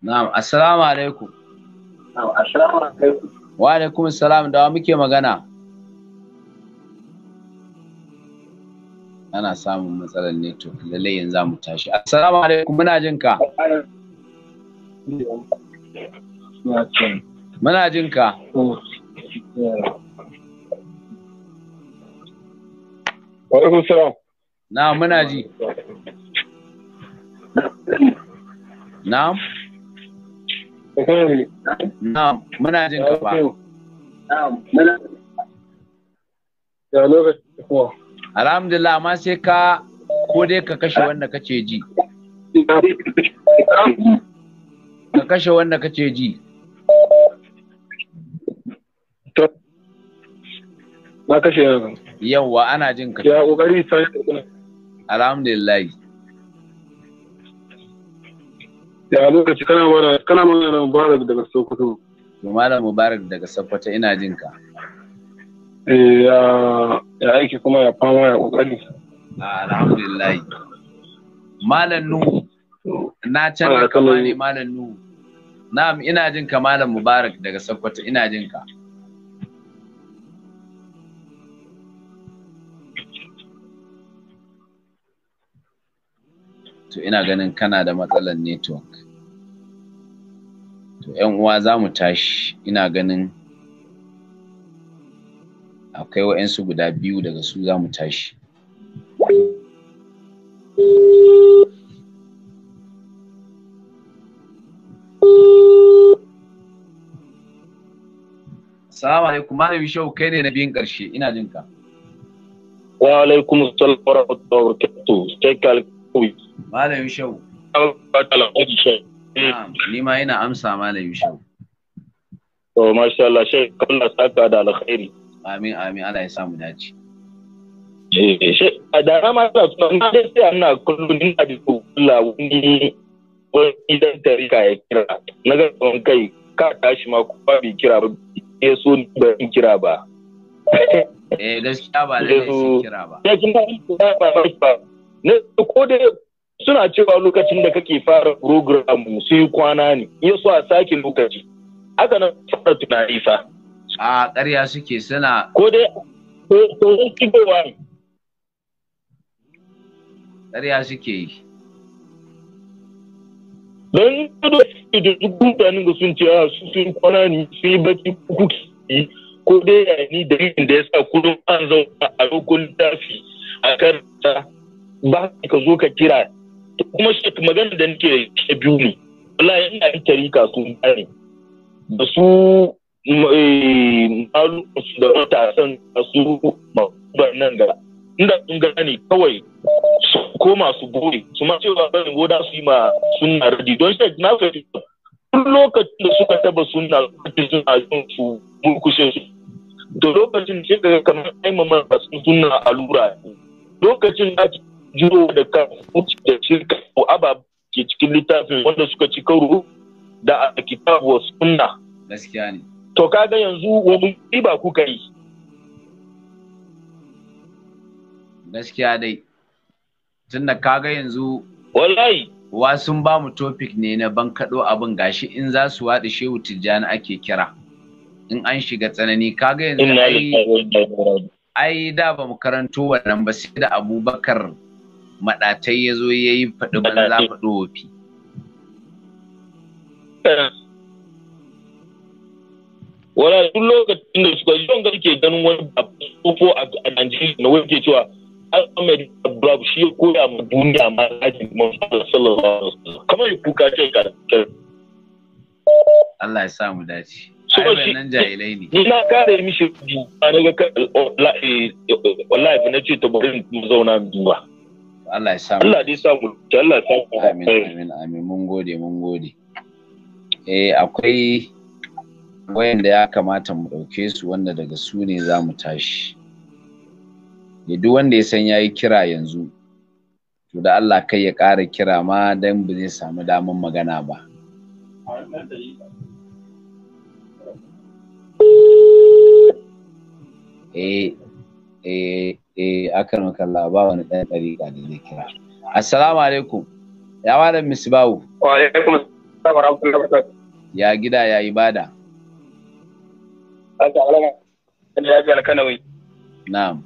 Speaker 1: Na'am, assalamu alaikum.
Speaker 3: Na'am, assalamu
Speaker 1: alaikum. Wa alaikum assalam da muke magana. Ana samun matsalar network lalle yanzu mu tashi. Assalamu alaikum muna jin ka. Muna jin ka. Wa alaikum assalam. Na muna ji.
Speaker 2: Na'am. Eh, Na'am, muna jin ka ba.
Speaker 1: Alhamdulillah, amma sai ka ko dai ka kashe wanda kace ji. Ka kashe wanda kace ji. Na kashe yanzu. Yawwa ana jin ka.
Speaker 2: Ya kokari sai.
Speaker 1: Alhamdulillah. ya lokaci kana mana kana mana mubarak daga sokoto malam mubarak daga sokoto ina jin ka eh,
Speaker 2: ya ya aiki kuma ya fama ya kokari ah, alhamdulillah malam nu
Speaker 1: na canza ah, kama ne malam nu na'am ina jin ka malam mubarak daga sokoto ina jin ka to ina ganin kana da matsalar network To ‘yan uwa za mu tashi ina ganin akwai wa'yansu guda biyu daga su za mu tashi. Salamu alaikum, Malami Shehu kai ne na biyun ƙarshe, ina jin ka.
Speaker 2: Wa alaikum salam wa rahmatullahi wa barakatuh. Sai ka alƙawi. Malami Shehu.
Speaker 1: Eh. ni ma ina amsa malam Yusuf to masha Allah shek Allah saka da alkhairi amin amin Allah ya sa mu dace
Speaker 2: eh, a da ma da na da sai ana kullun ina da kullu wani wani dan tarika ya kira na ga kai ka tashi ma ko ba bai kira ba ya so ni ba in kira ba eh gaskiya ba da kira ba ne ko dai. suna cewa lokacin da kake fara program sai kwana ne iya so a sake lokaci haka nan fara tunani fa
Speaker 1: a ƙarya suke suna
Speaker 2: ko dai to shigowa ne
Speaker 1: ƙarya suke yi
Speaker 2: don kudu da duk mutanen da sun ce a ah, su sun kwana ne sai baki kuki ko dai ya ni dalilin da ya sa kullum an zauna a lokacin tafi a karta. ba ka zo ka kira kuma shek magana da nake ke biyu ne wala wallahi na yin tarika su ne da su eh, malu da wata matasan su ba nan ga inda sun gane kawai su koma su bore su ma cewa bari goda su yi ma suna radi don shi na fahimta duk lokacin da suka taba suna lokacin suna yin su burkushe su to lokacin sai daga kamar aimamar sun sunna allura lokacin da jiro da mutu da shirka ko ababu ke cikin littafin wanda suka ci karo da kitabu wa sunna gaskiya ne to kaga yanzu wa mun ba ku kai?
Speaker 1: gaskiya dai tunda kaga yanzu wallahi wa sun ba mu topic ne na bankaɗo abin gashi in za su waɗa shehu tijjani ake kira in an shiga tsanani kaga yanzu ai da ba mu karanto wannan ba sai da abubakar maɗatai ya zo ya yi faɗi banza faɗi wofi.
Speaker 2: Eh. Wala duk lokacin da suka yi ga ke ganin wani tsofo a Najeriya na wani ke cewa Ahmed Abrab shi ya koya ma duniya ma rajin Muhammad sallallahu alaihi
Speaker 1: wasallam kamar ya kuka ce ka Allah ya sa mu dace.
Speaker 2: nan jahilai ne. Na kare mishi duba na ga eh, wallahi na ce ta bari mu zauna mu duba. Allah ya sa Allah dai sa mu Allah ya sa mu amin amin
Speaker 1: amin mun gode mun gode eh akwai wayanda ya kamata mu dauke su wanda daga su ne za mu tashi da duk wanda ya san yayi kira yanzu to da Allah kai ya ƙara kira ma dan ba zai samu damar magana ba eh eh eh akan makalla ba wani ɗan ɗariƙa da zai kira assalamu alaikum ya malam misbahu
Speaker 2: wa alaikum assalam wa rahmatullahi wa barakatuh
Speaker 1: ya gida ya ibada na'am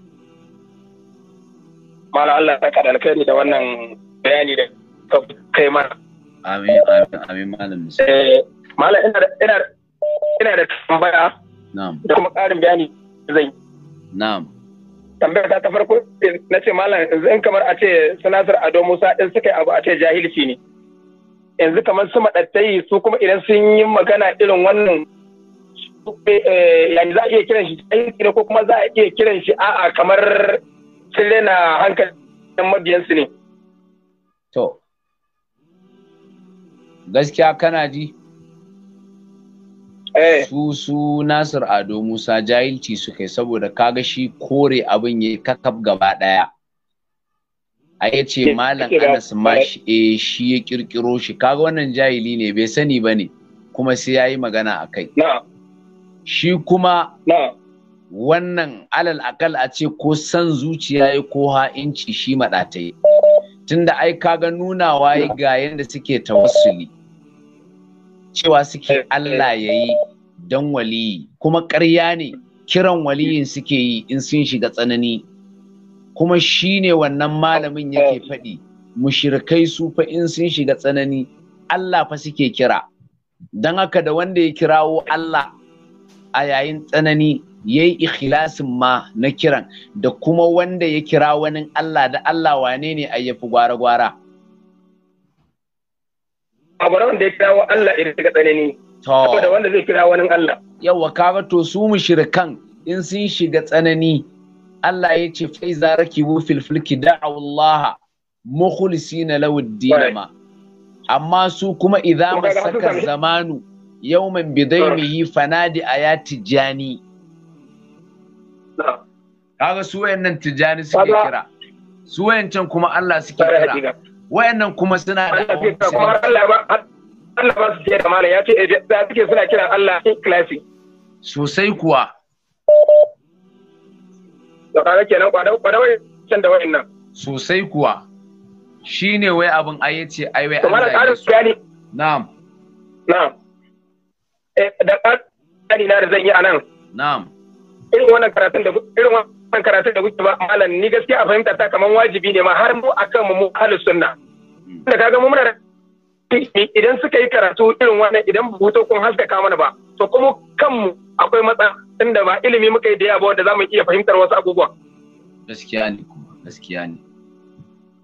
Speaker 2: mala Allah ya kada alkhairi da wannan bayani da kai mana amin amin amin malam misbahu eh mala ina ina ina da tambaya na'am da kuma ƙarin bayani zai na'am tambayar ta farko na ce malam yanzu in kamar a ce sanasar ado musa in suka yi abu a ce jahilci ne yanzu kamar su maɗattai su kuma idan sun yi magana irin wannan eh, yanzu za a iya kiran shi jahilci ne ko kuma za a iya kiran shi a'a kamar cire na hankalin mabiyansu ne.
Speaker 1: To, gaskiya kana ji? Eh. su su Nasir Ado Musa jahilci suka yi saboda kaga shi kore abin ya kakab gaba daya a ya ce malam Anas ma eh, shi ya kirkiro shi kaga wannan jahili ne bai sani ba ne kuma sai ya yi magana a kai shi kuma wannan alal akal a ce ko san zuciya ya ko ha'inci shi maɗatai tunda ai kaga nunawa ga yadda suke tawassuli cewa suke Allah ya yi don waliyi kuma ƙarya ne kiran waliyin suke yi in sun shiga tsanani kuma shi ne wannan malamin yake faɗi mushirkai su fa in sun shiga tsanani Allah fa suke kira don haka da wanda ya kirawo Allah a yayin tsanani ya yi ikhlasin ma na kiran da kuma wanda ya kira wani Allah da Allah wane ne a yafi gwara-gwara.
Speaker 2: abu wanda ya kira wa Allah irin daga tsanani saboda wanda zai kira wani Allah
Speaker 1: yawa kaga to su mushrikan in sun shiga tsanani Allah ya ce fa iza rakibu fil fulki da'u Allah mukhlisina lahu dinama amma su kuma idza masaka zamanu yawman bidaimihi fanadi ayati jani kaga su wayannan tijani suke kira su wayancan kuma Allah suke kira wayannan kuma suna da
Speaker 2: Allah ba su ce da mala ya ce da suke suna kiran Allah ikhlasi
Speaker 1: sosai kuwa
Speaker 2: da kare kenan kwada kwada can da wayannan
Speaker 1: sosai kuwa shine wai abin ai yace ai wai Allah ya
Speaker 2: su na'am na'am eh da ƙari na da zan yi anan na'am irin wannan karatun da irin kan karatu da kuke ba malam ni gaskiya a fahimta ta kaman wajibi ne ma har mu akan mu halin sunna da kaga mu muna idan suka yi karatu irin wannan idan buto kun haskaka mana ba to kuma kanmu akwai matsa inda ba ilimi muka yi da yawa wanda zamu iya fahimtar wasu abubuwa
Speaker 1: gaskiya ne gaskiya ne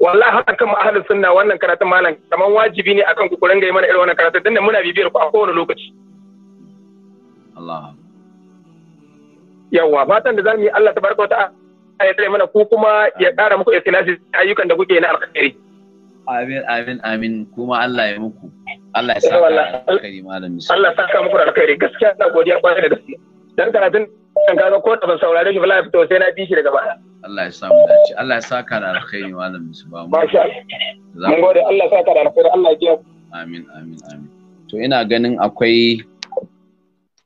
Speaker 2: wallahi haka kan ahlus sunna wannan karatun malam kaman wajibi ne akan ku ku ranga mana irin wannan karatu tunda muna bibiyar ku a kowane lokaci Allah yawa fatan da za mu yi Allah tabaraka ta ya tsare mana ku kuma ya ƙara muku ikhlasi ayyukan da kuke na alkhairi
Speaker 1: amin amin amin kuma Allah ya muku Allah ya saka
Speaker 2: alkhairi malam Allah ya saka muku alkhairi gaskiya ina godiya kwarai da gaske. dan karatun kan kaga ko da ban saurare shi ba la fito sai na bi shi daga baya
Speaker 1: Allah ya sa mu dace Allah ya saka da alkhairi ba mu. masha Allah mun gode
Speaker 2: Allah ya saka da alkhairi Allah ya ji
Speaker 1: amin amin amin to ina ganin akwai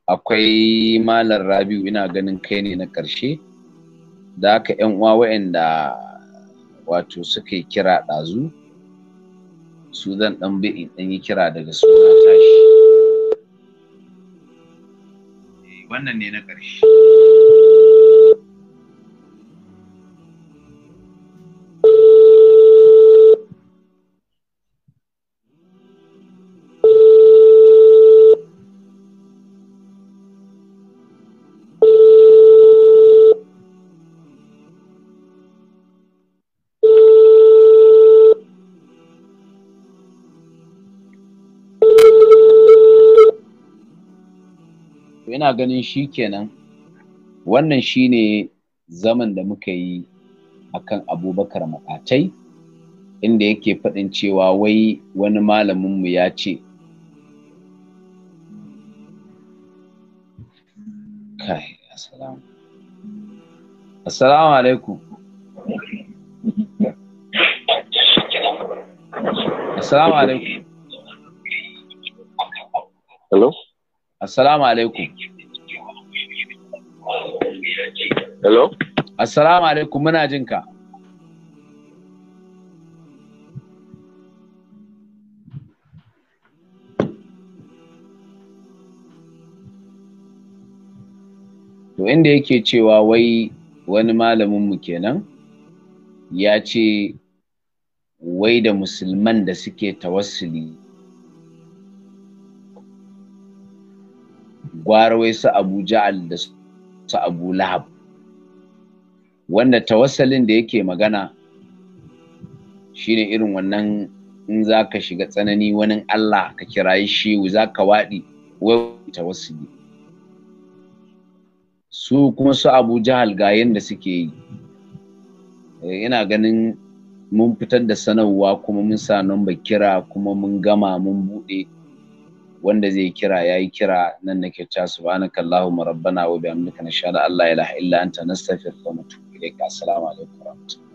Speaker 1: akwai malam rabiu ina ganin kai ne na ƙarshe da haka yan uwa waɗanda wato suka yi kira ɗazu su zan ɗan bi in ɗan yi kira daga suna tashi
Speaker 3: eh, wannan ne na ƙarshe
Speaker 1: ina ganin shi kenan wannan shi ne zaman da muka yi a kan abubakar maƙatai inda yake faɗin cewa wai wani malaminmu ya ce kai assalamu assalamu alaikum assalamu alaikum hello assalamu alaikum Hello? Assalamu alaikum muna jin ka. To inda yake cewa wai wani malaminmu kenan ya ce wai da musulman da suke tawassuli gwarwai su abu ja'al da su abu lahab wanda tawassalin da yake magana shi ne irin wannan in za ka shiga tsanani wani Allah ka kirayi shi za ka waɗi wai tawassuli su kuma su abu jahal ga yadda suke yi eh, ina ganin mun fitar da sanarwa kuma mun sa ba kira kuma mun gama mun buɗe wanda zai kira ya yi kira nan nake ta subhanakallahumma rabbana wa bihamdika nashhadu an la ilaha illa anta nastaghfiruka wa natubu ilaika assalamu alaikum
Speaker 3: warahmatullahi